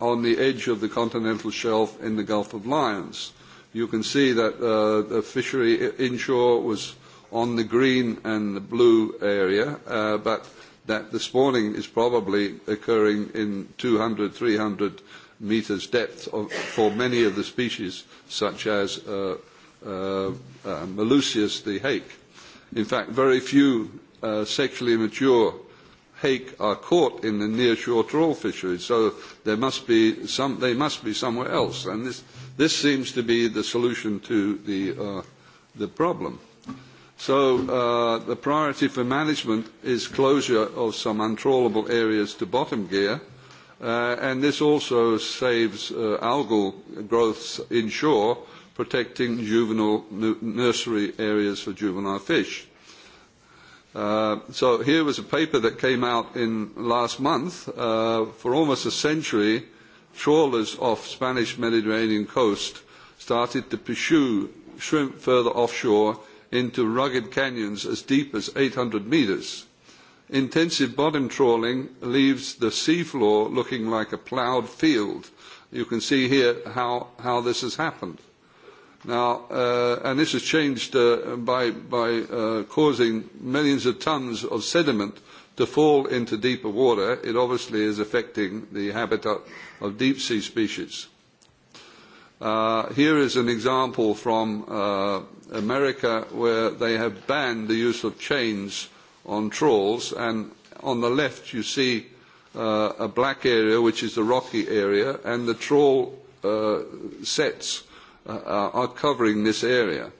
on the edge of the continental shelf in the Gulf of Lions. You can see that uh, the fishery inshore was on the green and the blue area, uh, but that the spawning is probably occurring in 200, 300 metres depth of, for many of the species, such as uh, uh, uh the hake. In fact, very few uh, sexually mature hake are caught in the nearshore trawl fisheries, so there must be some, they must be somewhere else. And this, this seems to be the solution to the, uh, the problem. So uh, the priority for management is closure of some untrawlable areas to bottom gear, uh, and this also saves uh, algal growths inshore, protecting juvenile nursery areas for juvenile fish. Uh, so here was a paper that came out in last month. Uh, for almost a century, trawlers off Spanish Mediterranean coast started to pursue shrimp further offshore into rugged canyons as deep as 800 metres. Intensive bottom trawling leaves the seafloor looking like a ploughed field. You can see here how, how this has happened. Now, uh, and this has changed uh, by, by uh, causing millions of tons of sediment to fall into deeper water. It obviously is affecting the habitat of deep sea species. Uh, here is an example from uh, America where they have banned the use of chains on trawls and on the left you see uh, a black area which is the rocky area and the trawl uh, sets uh, are covering this area.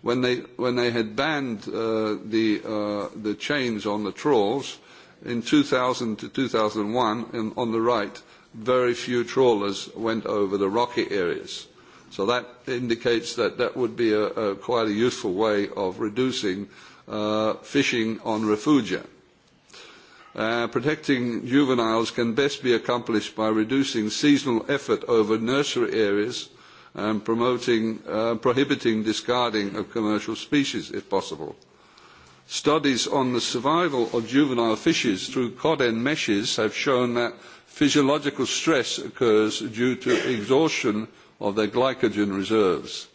When they, when they had banned uh, the, the chains on the trawls in 2000 to 2001 in, on the right very few trawlers went over the rocky areas. So that indicates that that would be a, a quite a useful way of reducing uh, fishing on refugia. Uh, protecting juveniles can best be accomplished by reducing seasonal effort over nursery areas and promoting, uh, prohibiting discarding of commercial species if possible. Studies on the survival of juvenile fishes through cod end meshes have shown that Physiological stress occurs due to exhaustion of their glycogen reserves.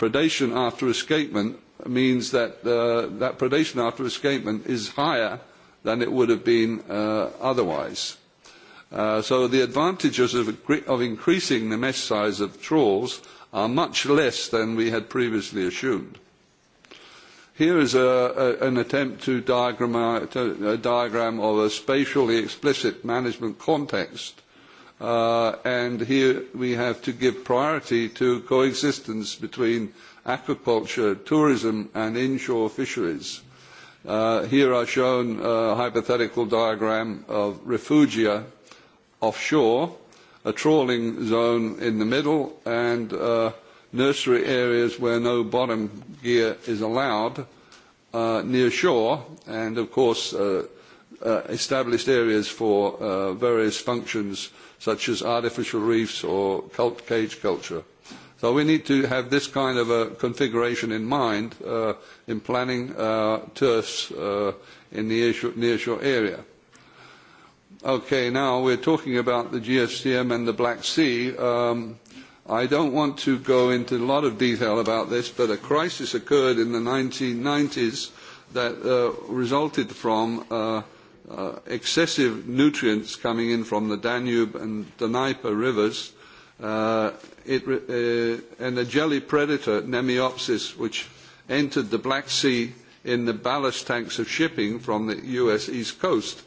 Predation after escapement means that uh, that predation after escapement is higher than it would have been uh, otherwise. Uh, so the advantages of, of, increasing the mesh size of trawls are much less than we had previously assumed. Here is a, a, an attempt to diagram, a, a diagram of a spatially explicit management context, uh, and here we have to give priority to coexistence between aquaculture, tourism, and inshore fisheries. Uh, here are shown a hypothetical diagram of refugia offshore, a trawling zone in the middle, and uh, nursery areas where no bottom gear is allowed uh, near shore, and of course uh, uh, established areas for uh, various functions such as artificial reefs or cult cage culture. So we need to have this kind of a configuration in mind uh, in planning uh, turfs in the near shore area. Okay, now we're talking about the GFCM and the Black Sea. Um, I don't want to go into a lot of detail about this, but a crisis occurred in the 1990s that uh, resulted from uh, uh, excessive nutrients coming in from the Danube and Dnieper rivers. Uh, it, uh, and a jelly predator, Nemeopsis, which entered the Black Sea in the ballast tanks of shipping from the US East Coast.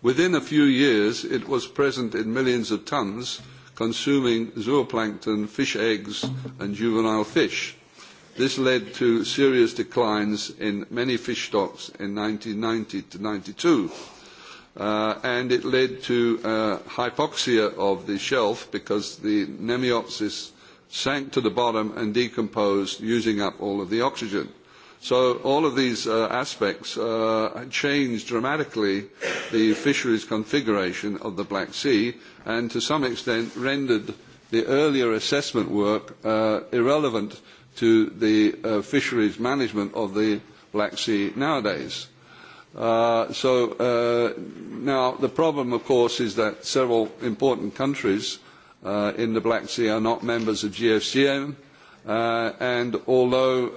Within a few years, it was present in millions of tons, consuming zooplankton, fish eggs and juvenile fish. This led to serious declines in many fish stocks in 1990 to 92. Uh, and it led to uh, hypoxia of the shelf because the nemiopsis sank to the bottom and decomposed, using up all of the oxygen. So all of these uh, aspects uh, change dramatically the fisheries configuration of the Black Sea and to some extent rendered the earlier assessment work uh, irrelevant to the uh, fisheries management of the Black Sea nowadays. Uh, so uh, now the problem of course is that several important countries in the Black Sea are not members of GFCM Uh, and although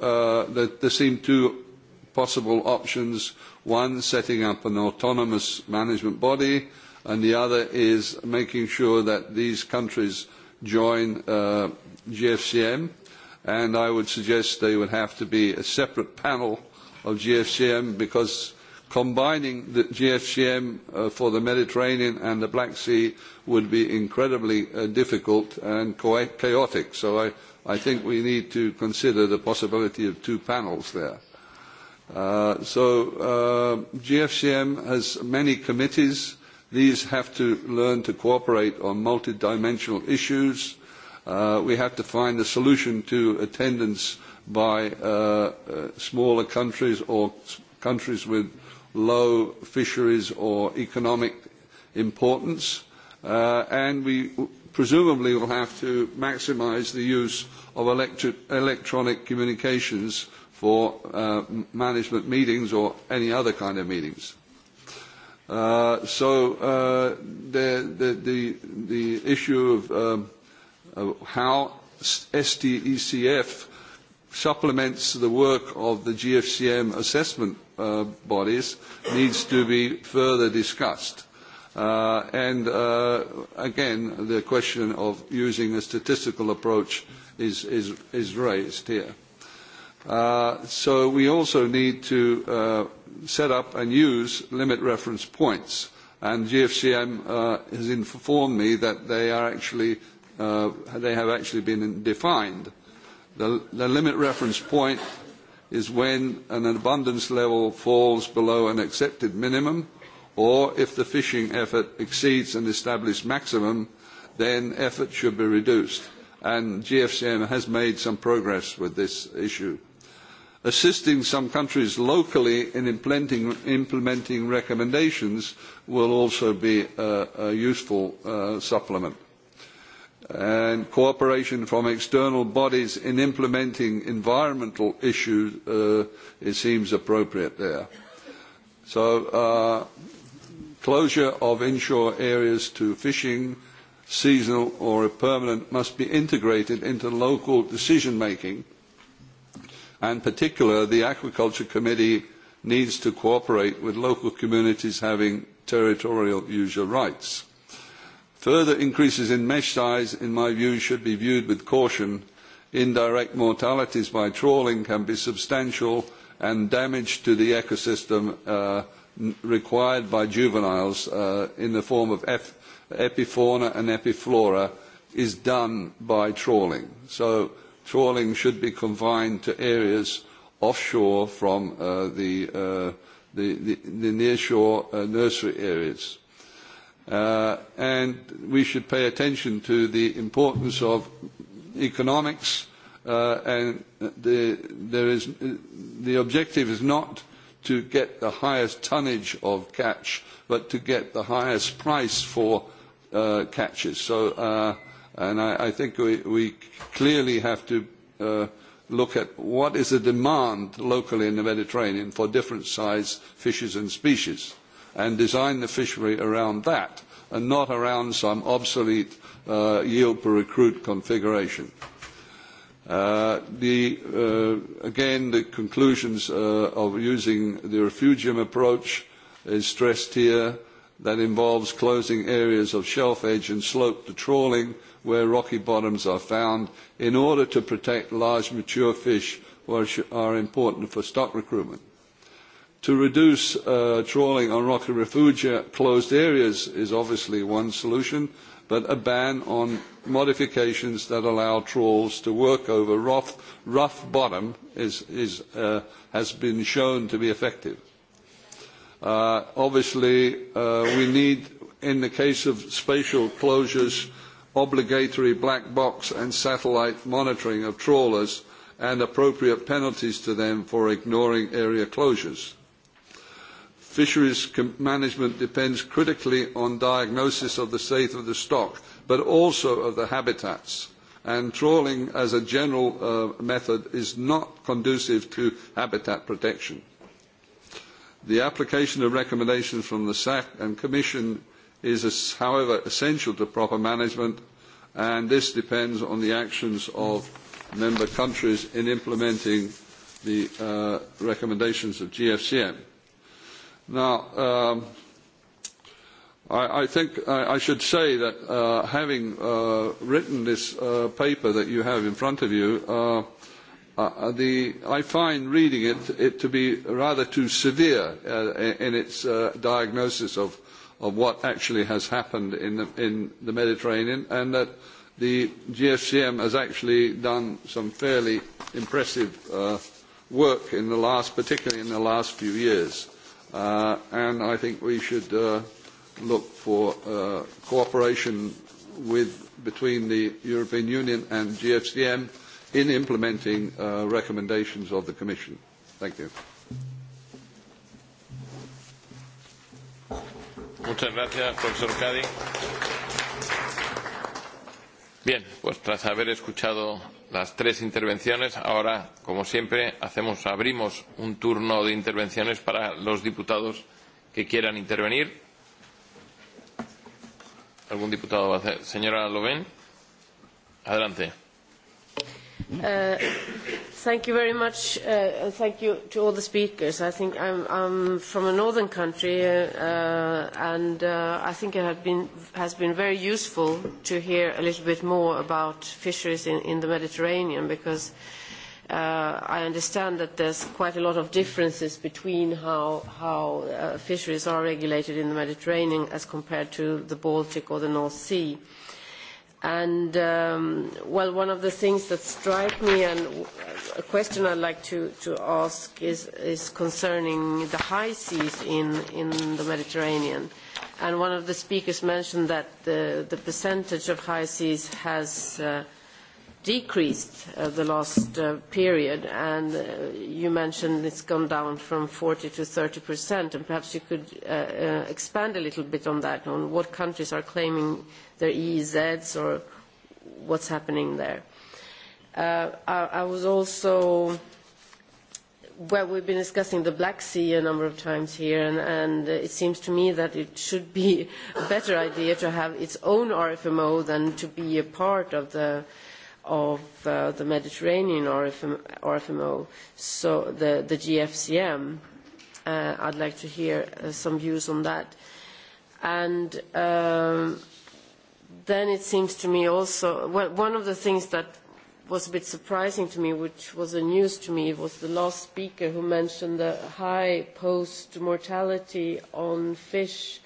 uh, there, seem two possible options, one setting up an autonomous management body, and the other is making sure that these countries join uh, GFCM. And I would suggest they would have to be a separate panel of GFCM because combining the GFCM for the Mediterranean and the Black Sea would be incredibly difficult and chaotic. So I, I think we need to consider the possibility of two panels there. Uh, so uh, GFCM has many committees. These have to learn to cooperate on multidimensional issues. Uh, we have to find a solution to attendance by uh, uh, smaller countries or countries with low fisheries or economic importance. Uh, and we presumably will have to maximise the use of electric, electronic communications for uh, management meetings or any other kind of meetings. Uh, so uh, the, the, the, the issue of, um, of how STECF supplements the work of the GFCM assessment uh, bodies needs to be further discussed. Uh, and uh, again, the question of using a statistical approach is, raised here. Uh, so we also need to set up and use limit reference points. And GFCM has informed me that they, are actually, they have actually been defined. the limit reference point is when an abundance level falls below an accepted minimum, or if the fishing effort exceeds an established maximum, then effort should be reduced. And GFCM has made some progress with this issue. Assisting some countries locally in implementing, implementing recommendations will also be a, a useful uh, supplement. And cooperation from external bodies in implementing environmental issues, uh, it seems appropriate there. So uh, Closure of inshore areas to fishing, seasonal or permanent, must be integrated into local decision making. And in particular, the Aquaculture Committee needs to cooperate with local communities having territorial user rights. Further increases in mesh size, in my view, should be viewed with caution. Indirect mortalities by trawling can be substantial and damage to the ecosystem uh, required by juveniles uh, in the form of epifauna and epiflora is done by trawling. So trawling should be confined to areas offshore from uh, the, uh, the, the, the nearshore uh, nursery areas. Uh, and we should pay attention to the importance of economics uh, and the, there is, the objective is not to get the highest tonnage of catch, but to get the highest price for uh, catches. So, uh, and I, I think we, we clearly have to uh, look at what is the demand locally in the Mediterranean for different size fishes and species, and design the fishery around that, and not around some obsolete uh, yield per recruit configuration. Uh, the, uh, again, the conclusions uh, of using the refugium approach is stressed here. That involves closing areas of shelf edge and slope to trawling where rocky bottoms are found in order to protect large mature fish which are important for stock recruitment. To reduce uh, trawling on rocky refugia, closed areas is obviously one solution, but a ban on modifications that allow trawls to work over rough, rough bottom is, is, uh, has been shown to be effective. Uh, obviously, uh, we need, in the case of spatial closures, obligatory black box and satellite monitoring of trawlers and appropriate penalties to them for ignoring area closures. Fisheries management depends critically on diagnosis of the state of the stock, but also of the habitats. And trawling as a general uh, method is not conducive to habitat protection. The application of recommendations from the SAC and Commission is, however, essential to proper management, and this depends on the actions of member countries in implementing the uh, recommendations of GFCM. Now, um, I, I, think I, I, should say that uh, having uh, written this uh, paper that you have in front of you, uh, uh, uh, the, I find reading it, it, to be rather too severe in its diagnosis of, of, what actually has happened in the, in the, Mediterranean and that the GFCM has actually done some fairly impressive work in the last, particularly in the last few years. Uh, and I think we should uh, look for uh, cooperation with, between the European Union and GFCM in implementing uh, recommendations of the Commission. Thank you. Muchas gracias, profesor Cadi. Bien, pues tras haber escuchado las tres intervenciones. Ahora, como siempre, hacemos, abrimos un turno de intervenciones para los diputados que quieran intervenir. ¿Algún diputado va a hacer? Señora Loven, adelante. Uh, thank you very much. Uh, thank you to all the speakers. I think I'm, I'm from a northern country, uh, uh and uh, I think it been, has been very useful to hear a little bit more about fisheries in, in the Mediterranean, because I understand that there's quite a lot of differences between how, how fisheries are regulated in the Mediterranean as compared to the Baltic or the North Sea. Uh, And um, well, one of the things that strike me, and a question I'd like to, to ask, is, is concerning the high seas in, in the Mediterranean. And one of the speakers mentioned that the, the percentage of high seas has uh, decreased uh, the last uh, period, and uh, you mentioned it's gone down from 40 to 30%, and perhaps you could expand a little bit on that, on what countries are claiming their EEZs or what's happening there. I, was also... Well, we've been discussing the Black Sea a number of times here, and, it seems to me that it should be a better idea to have its own RFMO than to be a part of the of uh, the Mediterranean RFM, RFMO, so the, the GFCM. Uh, I'd like to hear uh, some views on that. And um, then it seems to me also, well, one of the things that was a bit surprising to me, which was a news to me, was the last speaker who mentioned the high post mortality on fish.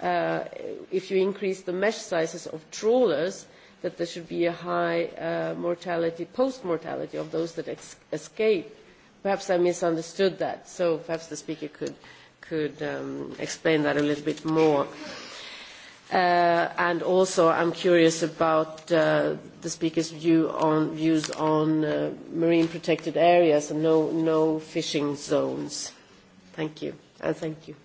Uh, if you increase the mesh sizes of trawlers, uh, that there should be a high uh, mortality, post-mortality of those that escape. Perhaps I misunderstood that, so perhaps the speaker could, could um, explain that a little bit more. Uh, and also, I'm curious about uh, the speaker's view on, views on uh, marine protected areas and no, no fishing zones. Thank you, and thank you.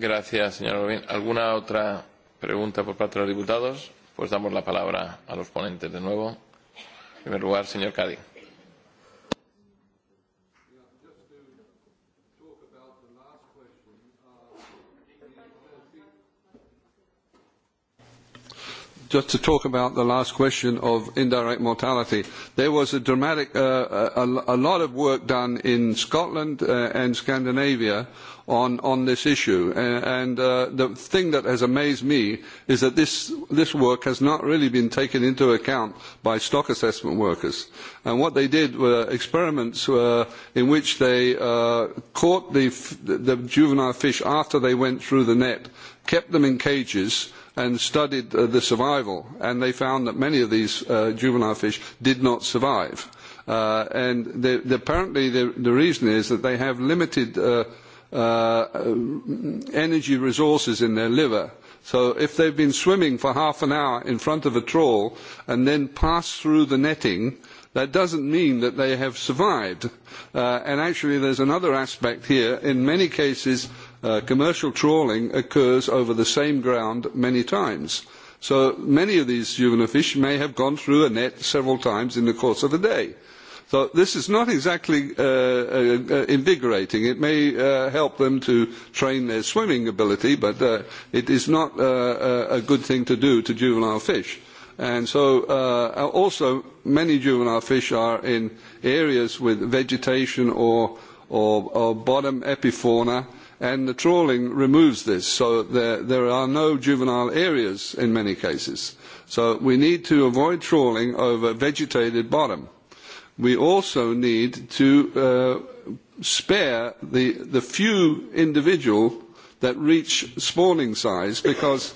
Gracias, señora ¿Alguna otra pregunta por parte de los diputados, pues damos la palabra a los ponentes de nuevo. En primer lugar, señor Cádiz. just to talk about the last question of indirect mortality, there was a dramatic, uh, uh, a, a, lot of work done in Scotland uh, and Scandinavia on, on this issue. And, uh, and uh, the thing that has amazed me is that this, this work has not really been taken into account by stock assessment workers. And what they did were experiments were uh, in which they uh, caught the, the juvenile fish after they went through the net, kept them in cages, and studied uh, the survival, and they found that many of these uh, juvenile fish did not survive. Uh, and apparently the, the, reason is that they have limited uh, uh, energy resources in their liver. So if they've been swimming for half an hour in front of a trawl and then pass through the netting, that doesn't mean that they have survived. Uh, and actually, there's another aspect here. In many cases, Uh, commercial trawling occurs over the same ground many times. So many of these juvenile fish may have gone through a net several times in the course of a day. So this is not exactly uh, uh, uh invigorating. It may uh, help them to train their swimming ability, but uh, it is not uh, a good thing to do to juvenile fish. And so uh, also many juvenile fish are in areas with vegetation or, or, or bottom epifauna and the trawling removes this so there, there are no juvenile areas in many cases. So we need to avoid trawling over vegetated bottom. We also need to uh, spare the, the few individual that reach spawning size because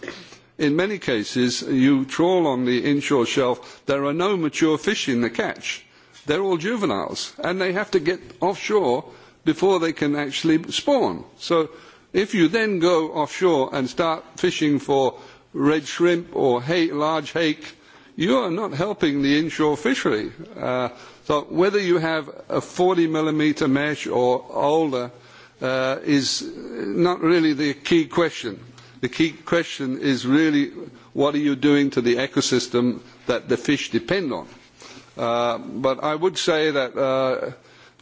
in many cases you trawl on the inshore shelf, there are no mature fish in the catch. They're all juveniles and they have to get offshore before they can actually spawn. So if you then go offshore and start fishing for red shrimp or hake, large hake, you are not helping the inshore fishery. Uh, so whether you have a 40 millimeter mesh or older uh, is not really the key question. The key question is really what are you doing to the ecosystem that the fish depend on. Uh, but I would say that uh,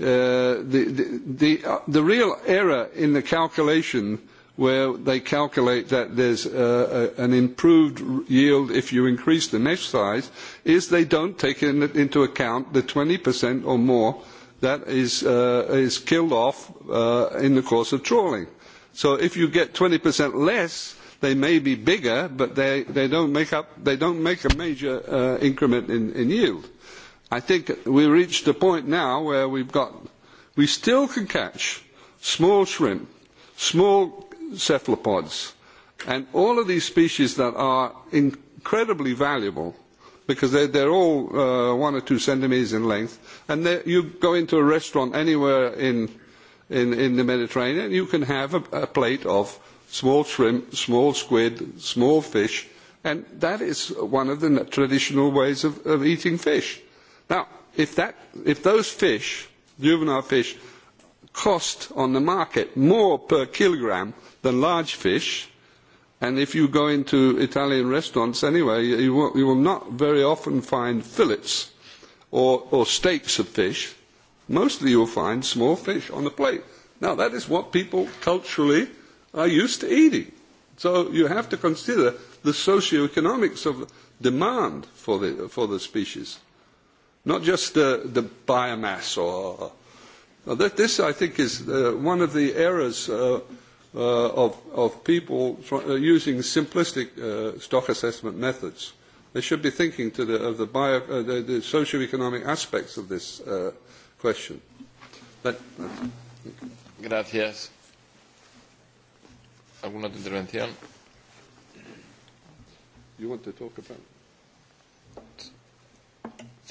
Uh, the, the, uh, the, real error in the calculation where they calculate that there's uh, a, an improved yield if you increase the mesh size is they don't take in, into account the 20% or more that is, uh, is killed off in the course of trawling. So if you get 20% less, they may be bigger, but they, they, don't, make up, they don't make a major increment in, in yield. I think we reached a point now where we've got, we still can catch small shrimp, small cephalopods, and all of these species that are incredibly valuable because they're, they're all uh, one or two centimetres in length. And you go into a restaurant anywhere in, in, in the Mediterranean, you can have a, a plate of small shrimp, small squid, small fish, and that is one of the traditional ways of, of eating fish. Now, if, that, if those fish, juvenile fish, cost on the market more per kilogram than large fish, and if you go into Italian restaurants anyway, you will, you will not very often find fillets or, or steaks of fish. Mostly you'll find small fish on the plate. Now, that is what people culturally are used to eating. So you have to consider the socio-economics of demand for the, for the species not just the, the biomass or that, this I think is uh, one of the errors uh, uh, of, of people uh, using simplistic uh, stock assessment methods. They should be thinking to the, of the, bio, uh, the, the aspects of this uh, question. Gracias. ¿Alguna intervención? You want to talk about?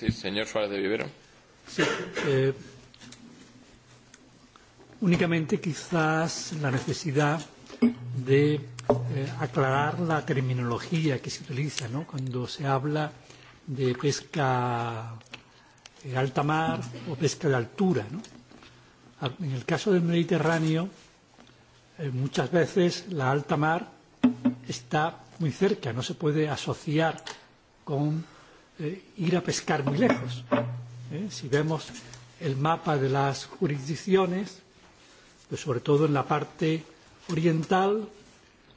Sí, señor Suárez de Vivero. Sí, eh, únicamente quizás la necesidad de eh, aclarar la terminología que se utiliza ¿no? cuando se habla de pesca en eh, alta mar o pesca de altura. ¿no? Ah, en el caso del Mediterráneo, eh, muchas veces la alta mar está muy cerca, no se puede asociar con eh, ir a pescar muy lejos. ¿eh? Si vemos el mapa de las jurisdicciones, pues sobre todo en la parte oriental,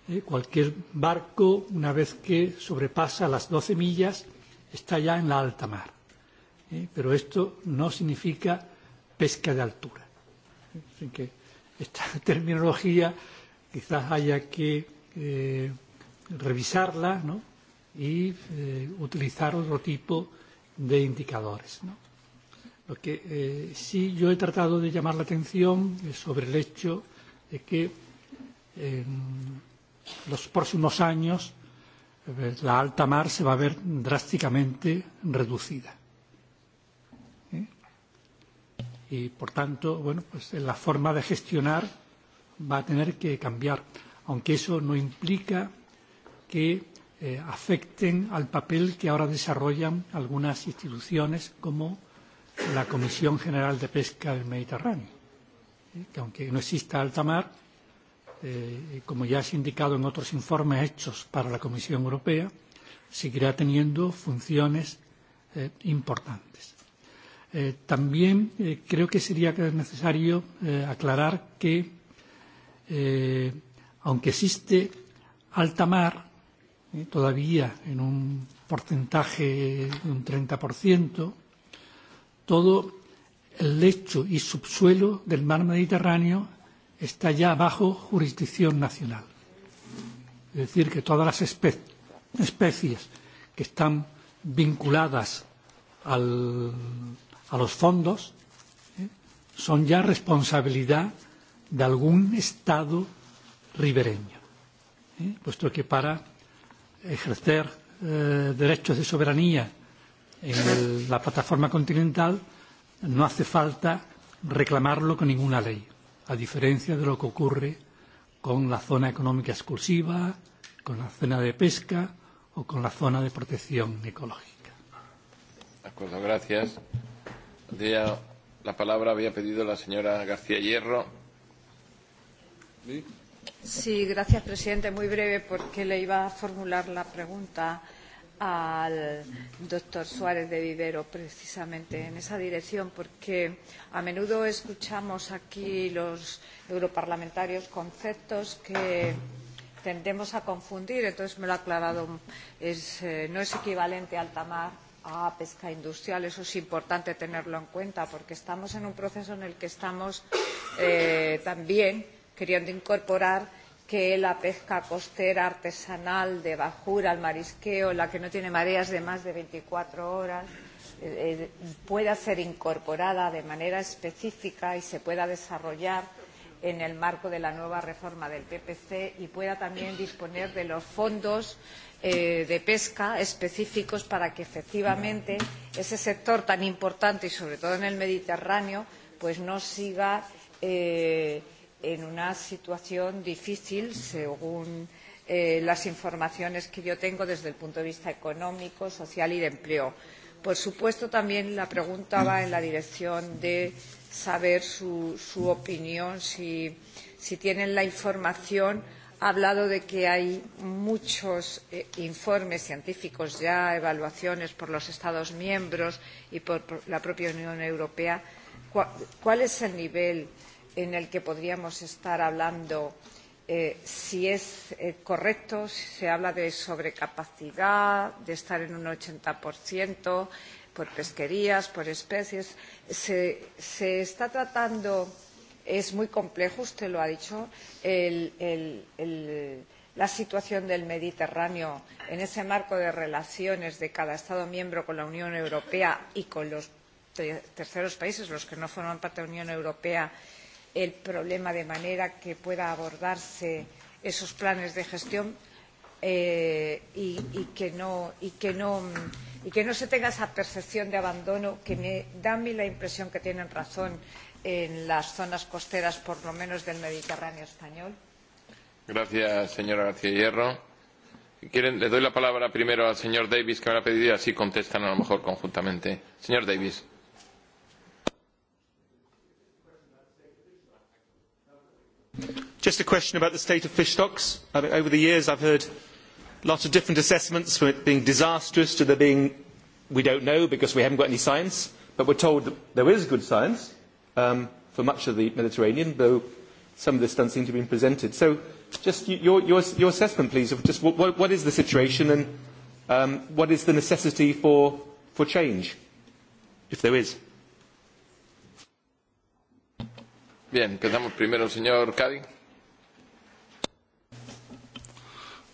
eh, cualquier barco, una vez que sobrepasa las 12 millas, está ya en la alta mar. ¿eh? Pero esto no significa pesca de altura. ¿eh? Así que esta terminología quizás haya que eh, revisarla, ¿no? y eh, utilizar otro tipo de indicadores. ¿no? Lo que eh, sí yo he tratado de llamar la atención es sobre el hecho de que en los próximos años eh, la alta mar se va a ver drásticamente reducida. ¿eh? Y por tanto, bueno, pues en la forma de gestionar va a tener que cambiar, aunque eso no implica que eh, afecten al papel que ahora desarrollan algunas instituciones como la Comisión General de Pesca del Mediterráneo, eh, que aunque no exista alta mar, eh, como ya se ha indicado en otros informes hechos para la Comisión Europea, seguirá teniendo funciones eh, importantes. Eh, también eh, creo que sería necesario eh, aclarar que, eh, aunque existe alta mar, ¿eh? todavía en un porcentaje de un 30%, todo el lecho y subsuelo del mar Mediterráneo está ya bajo jurisdicción nacional. Es decir, que todas las espe especies que están vinculadas al, a los fondos ¿eh? son ya responsabilidad de algún Estado ribereño, ¿eh? puesto que para ejercer eh, derechos de soberanía en el, la plataforma continental, no hace falta reclamarlo con ninguna ley, a diferencia de lo que ocurre con la zona económica exclusiva, con la zona de pesca o con la zona de protección ecológica. De acuerdo, gracias. la palabra había pedido la señora García Hierro. ¿Sí? Sí, gracias, presidente. Muy breve, porque le iba a formular la pregunta al doctor Suárez de Vivero precisamente en esa dirección, porque a menudo escuchamos aquí los europarlamentarios conceptos que tendemos a confundir. Entonces me lo ha aclarado, es, eh, no es equivalente alta mar a pesca industrial. Eso es importante tenerlo en cuenta, porque estamos en un proceso en el que estamos eh, también queriendo incorporar que la pesca costera artesanal de bajura, el marisqueo, la que no tiene mareas de más de 24 horas, eh, eh, pueda ser incorporada de manera específica y se pueda desarrollar en el marco de la nueva reforma del PPC y pueda también disponer de los fondos eh, de pesca específicos para que efectivamente ese sector tan importante y sobre todo en el Mediterráneo pues no siga eh, en una situación difícil según eh, las informaciones que yo tengo desde el punto de vista económico, social y de empleo. Por supuesto, también la pregunta va en la dirección de saber su, su opinión, si, si tienen la información. Ha hablado de que hay muchos eh, informes científicos ya, evaluaciones por los Estados miembros y por, por la propia Unión Europea. ¿Cuál, cuál es el nivel eh, en el que podríamos estar hablando eh, si es eh, correcto, si se habla de sobrecapacidad, de estar en un 80% por pesquerías, por especies. Se, se está tratando, es muy complejo, usted lo ha dicho, el, el, el, la situación del Mediterráneo en ese marco de relaciones de cada Estado miembro con la Unión Europea y con los terceros países, los que no forman parte de la Unión Europea, eh, el problema de manera que pueda abordarse esos planes de gestión eh, y, y, que no, y, que no, y que no se tenga esa percepción de abandono que me da a mí la impresión que tienen razón en las zonas costeras, por lo menos del Mediterráneo español. Gracias, señora García Hierro. ¿Quieren? Le doy la palabra primero al señor Davis, que me la pediría, así contestan a lo mejor conjuntamente. Señor Davis. Just a question about the state of fish stocks. Over the years, I've heard lots of different assessments from it being disastrous to there being, we don't know because we haven't got any science, but we're told that there is good science um, for much of the Mediterranean, though some of this doesn't seem to have been presented. So just your, your, your assessment, please, of just what, what is the situation and um, what is the necessity for, for change, if there is? Bien, empezamos primero señor Cádiz.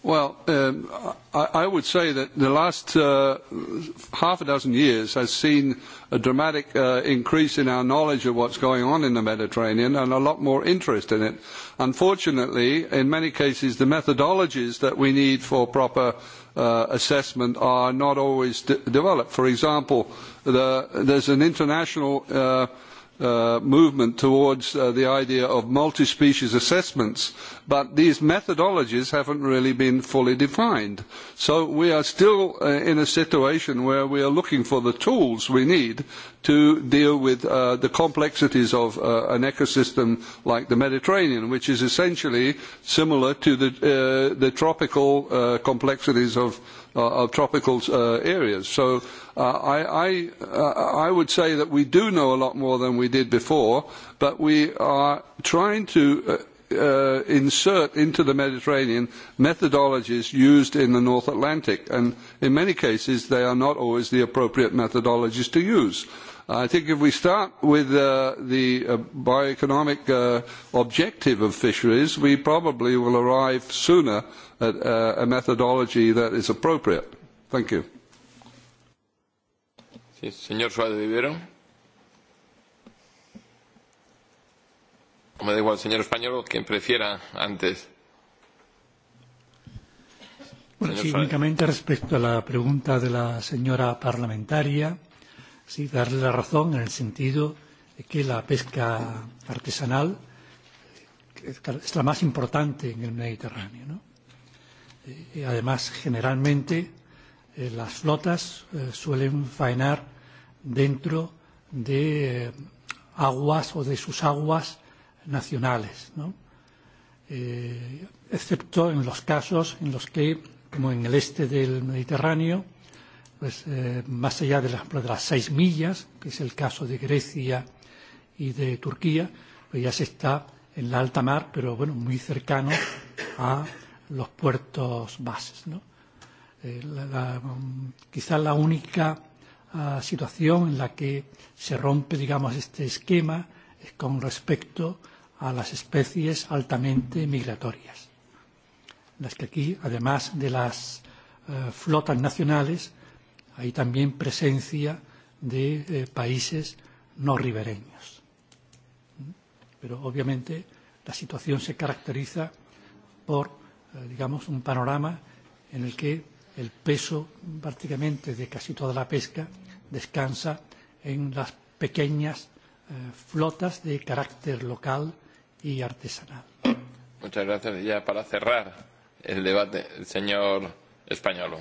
Well, um, I, I would say that the last uh, half a dozen years has seen a dramatic uh, increase in our knowledge of what's going on in the Mediterranean and a lot more interest in it. Unfortunately, in many cases, the methodologies that we need for proper uh, assessment are not always de developed. For example, the, there's an international uh, Uh, movement towards uh, the idea of multi-species assessments, but these methodologies haven't really been fully defined. So we are still uh, in a situation where we are looking for the tools we need to deal with the complexities of an ecosystem like the Mediterranean, which is essentially similar to the, the tropical complexities of, of tropical areas. So Uh, I, I, uh, I would say that we do know a lot more than we did before, but we are trying to uh, uh, insert into the Mediterranean methodologies used in the North Atlantic, and in many cases they are not always the appropriate methodologies to use. I think if we start with uh, the uh, bioeconomic uh, objective of fisheries, we probably will arrive sooner at a methodology that is appropriate. Thank you. Sí, señor Suárez de Vivero. Me da igual, señor español, quien prefiera antes. Bueno, sí, únicamente respecto a la pregunta de la señora parlamentaria, sí, darle la razón en el sentido de que la pesca artesanal es la más importante en el Mediterráneo. ¿no? Y eh, además, generalmente, eh, las flotas eh, suelen faenar dentro de eh, aguas o de sus aguas nacionales, ¿no? eh, excepto en los casos en los que, como en el este del Mediterráneo, pues, eh, más allá de las, de las seis millas, que es el caso de Grecia y de Turquía, pues ya se está en la alta mar, pero bueno, muy cercano a los puertos bases. ¿no? Eh, la, la, mm, quizás la única uh, situación en la que se rompe, digamos, este esquema es con respecto a las especies altamente migratorias, las que aquí, además de las uh, flotas nacionales, hay también presencia de eh, países no ribereños. Pero obviamente la situación se caracteriza por, eh, digamos, un panorama en el que el peso prácticamente de casi toda la pesca descansa en las pequeñas eh, flotas de carácter local y artesanal. Muchas gracias. Ya para cerrar el debate, el señor Espagnolo.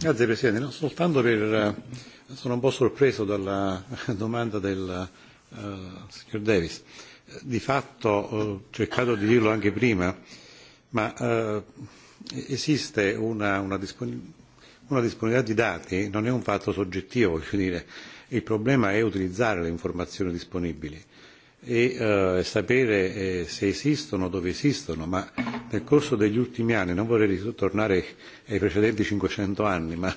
Grazie Presidente, non soltanto per, eh, sono un po' sorpreso dalla domanda del uh, signor Davis. Eh, di fatto, ho cercato di dirlo anche prima, uh, ma eh, esiste una, una, dispon- una disponibilità di dati, non è un fatto soggettivo, voglio dire, il problema è utilizzare le informazioni disponibili e eh, sapere eh, se esistono, dove esistono, ma nel corso degli ultimi anni, non vorrei tornare ai precedenti 500 anni, ma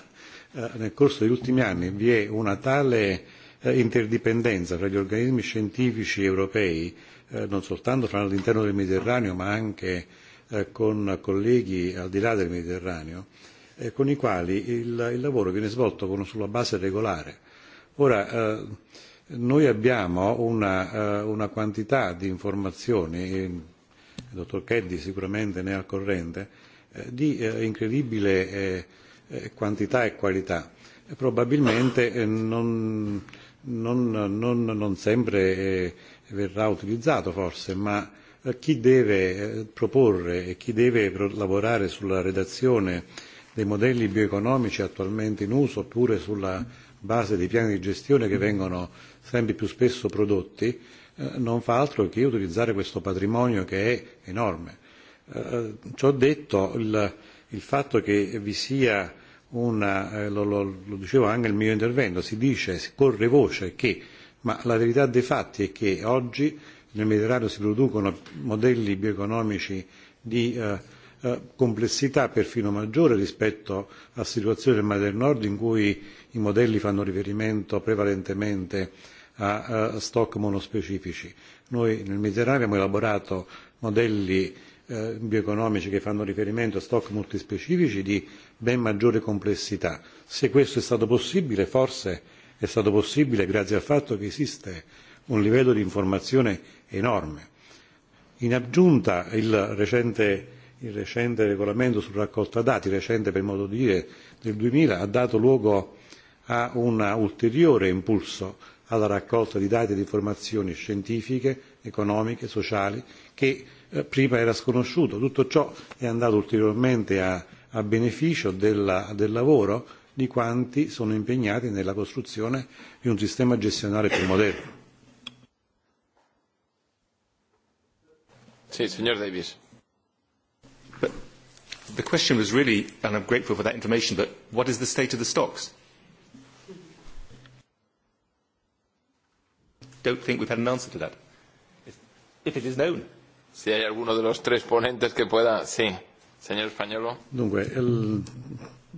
eh, nel corso degli ultimi anni vi è una tale eh, interdipendenza fra gli organismi scientifici europei, eh, non soltanto fra all'interno del Mediterraneo, ma anche Eh, con colleghi al di là del Mediterraneo, eh, con i quali il, il lavoro viene svolto con, sulla base regolare. Ora, eh, noi abbiamo una, eh, una quantità di informazioni, il dottor Keddi sicuramente ne è al corrente, eh, di eh, incredibile eh, eh, quantità e qualità. E probabilmente eh, non, non, non, non sempre eh, verrà utilizzato forse, ma Eh, chi deve eh, proporre e chi deve lavorare sulla redazione dei modelli bioeconomici attualmente in uso oppure sulla base dei piani di gestione che vengono sempre più spesso prodotti eh, non fa altro che utilizzare questo patrimonio che è enorme. Ciò detto, il, il fatto che vi sia una, lo, lo, lo dicevo anche nel mio intervento, si dice, si corre voce che, ma la verità dei fatti è che oggi nel Mediterraneo si producono modelli bioeconomici di eh, eh complessità perfino maggiore rispetto a situazioni del Mare del Nord in cui i modelli fanno riferimento prevalentemente a, a stock monospecifici. Noi nel Mediterraneo abbiamo elaborato modelli eh, bioeconomici che fanno riferimento a stock multispecifici di ben maggiore complessità. Se questo è stato possibile, forse è stato possibile grazie al fatto che esiste un livello di informazione enorme. In aggiunta il recente, il recente regolamento sulla raccolta dati, recente per modo di dire del 2000, ha dato luogo a un ulteriore impulso alla raccolta di dati e di informazioni scientifiche, economiche, sociali, che eh, prima era sconosciuto. Tutto ciò è andato ulteriormente a, a beneficio della, del lavoro di quanti sono impegnati nella costruzione di un sistema gestionale più moderno Sí, señor Davies. But the question was really, and I'm grateful for that information, but what is the state of the stocks? Don't think we've had an answer to that. If, it is known. Si hay alguno de los tres ponentes que pueda, sí. Señor Españolo. Dunque, el,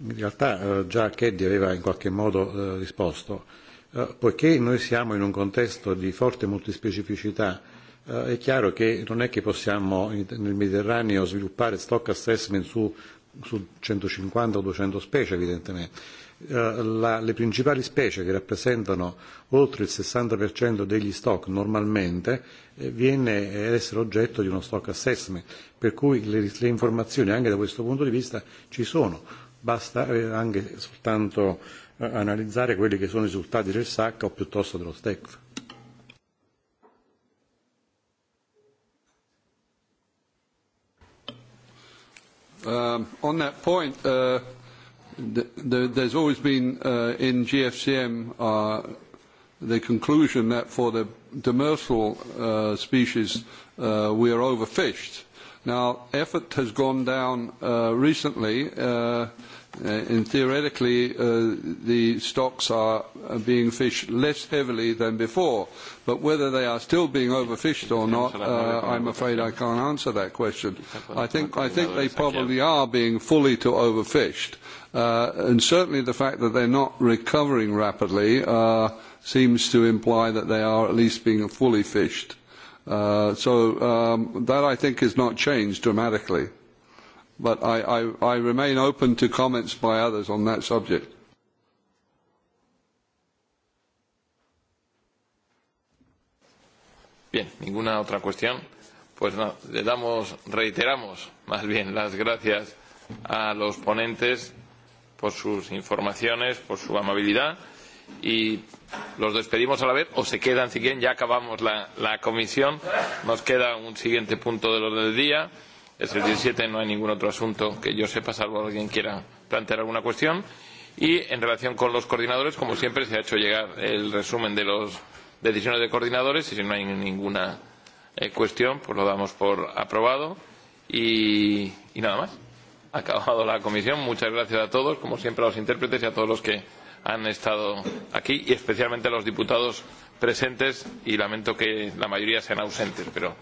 in realtà eh, già Keddy aveva in qualche modo eh, risposto. Eh, poiché noi siamo in un contesto di forte multispecificità Eh, è chiaro che non è che possiamo nel Mediterraneo sviluppare stock assessment su, su 150 o 200 specie evidentemente. Eh, la, le principali specie che rappresentano oltre il 60% degli stock normalmente eh, viene ad essere oggetto di uno stock assessment, per cui le, le informazioni anche da questo punto di vista ci sono, basta eh, anche soltanto eh, analizzare quelli che sono i risultati del SAC o piuttosto dello STECF. Um, on that point, uh, th th there's always been uh, in GFCM uh, the conclusion that for the demersal uh, species uh, we are overfished. Now, effort has gone down uh, recently. Uh, Uh, and theoretically, uh, the stocks are being fished less heavily than before. But whether they are still being overfished or not, uh, I'm afraid I can't answer that question. I think, I think they probably are being fully to overfished. Uh, and certainly the fact that they're not recovering rapidly uh, seems to imply that they are at least being fully fished. Uh, so um, that I think has not changed dramatically but I, I, I remain open to comments by others on that subject. Bien, ninguna otra cuestión. Pues no, le damos, reiteramos más bien las gracias a los ponentes por sus informaciones, por su amabilidad y los despedimos a la vez o se quedan si quieren, ya acabamos la, la comisión, nos queda un siguiente punto del orden del día es el 17, no hay ningún otro asunto que yo sepa, salvo alguien quiera plantear alguna cuestión. Y en relación con los coordinadores, como siempre, se ha hecho llegar el resumen de las decisiones de coordinadores y si no hay ninguna eh, cuestión, pues lo damos por aprobado. Y, y nada más. Ha acabado la comisión. Muchas gracias a todos, como siempre, a los intérpretes y a todos los que han estado aquí y especialmente a los diputados presentes y lamento que la mayoría sean ausentes, pero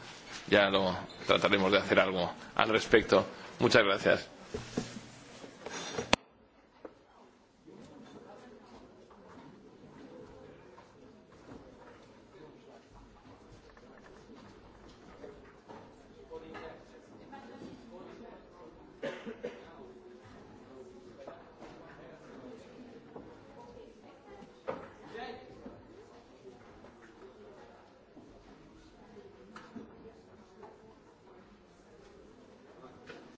ya lo trataremos de hacer algo al respecto. Muchas gracias.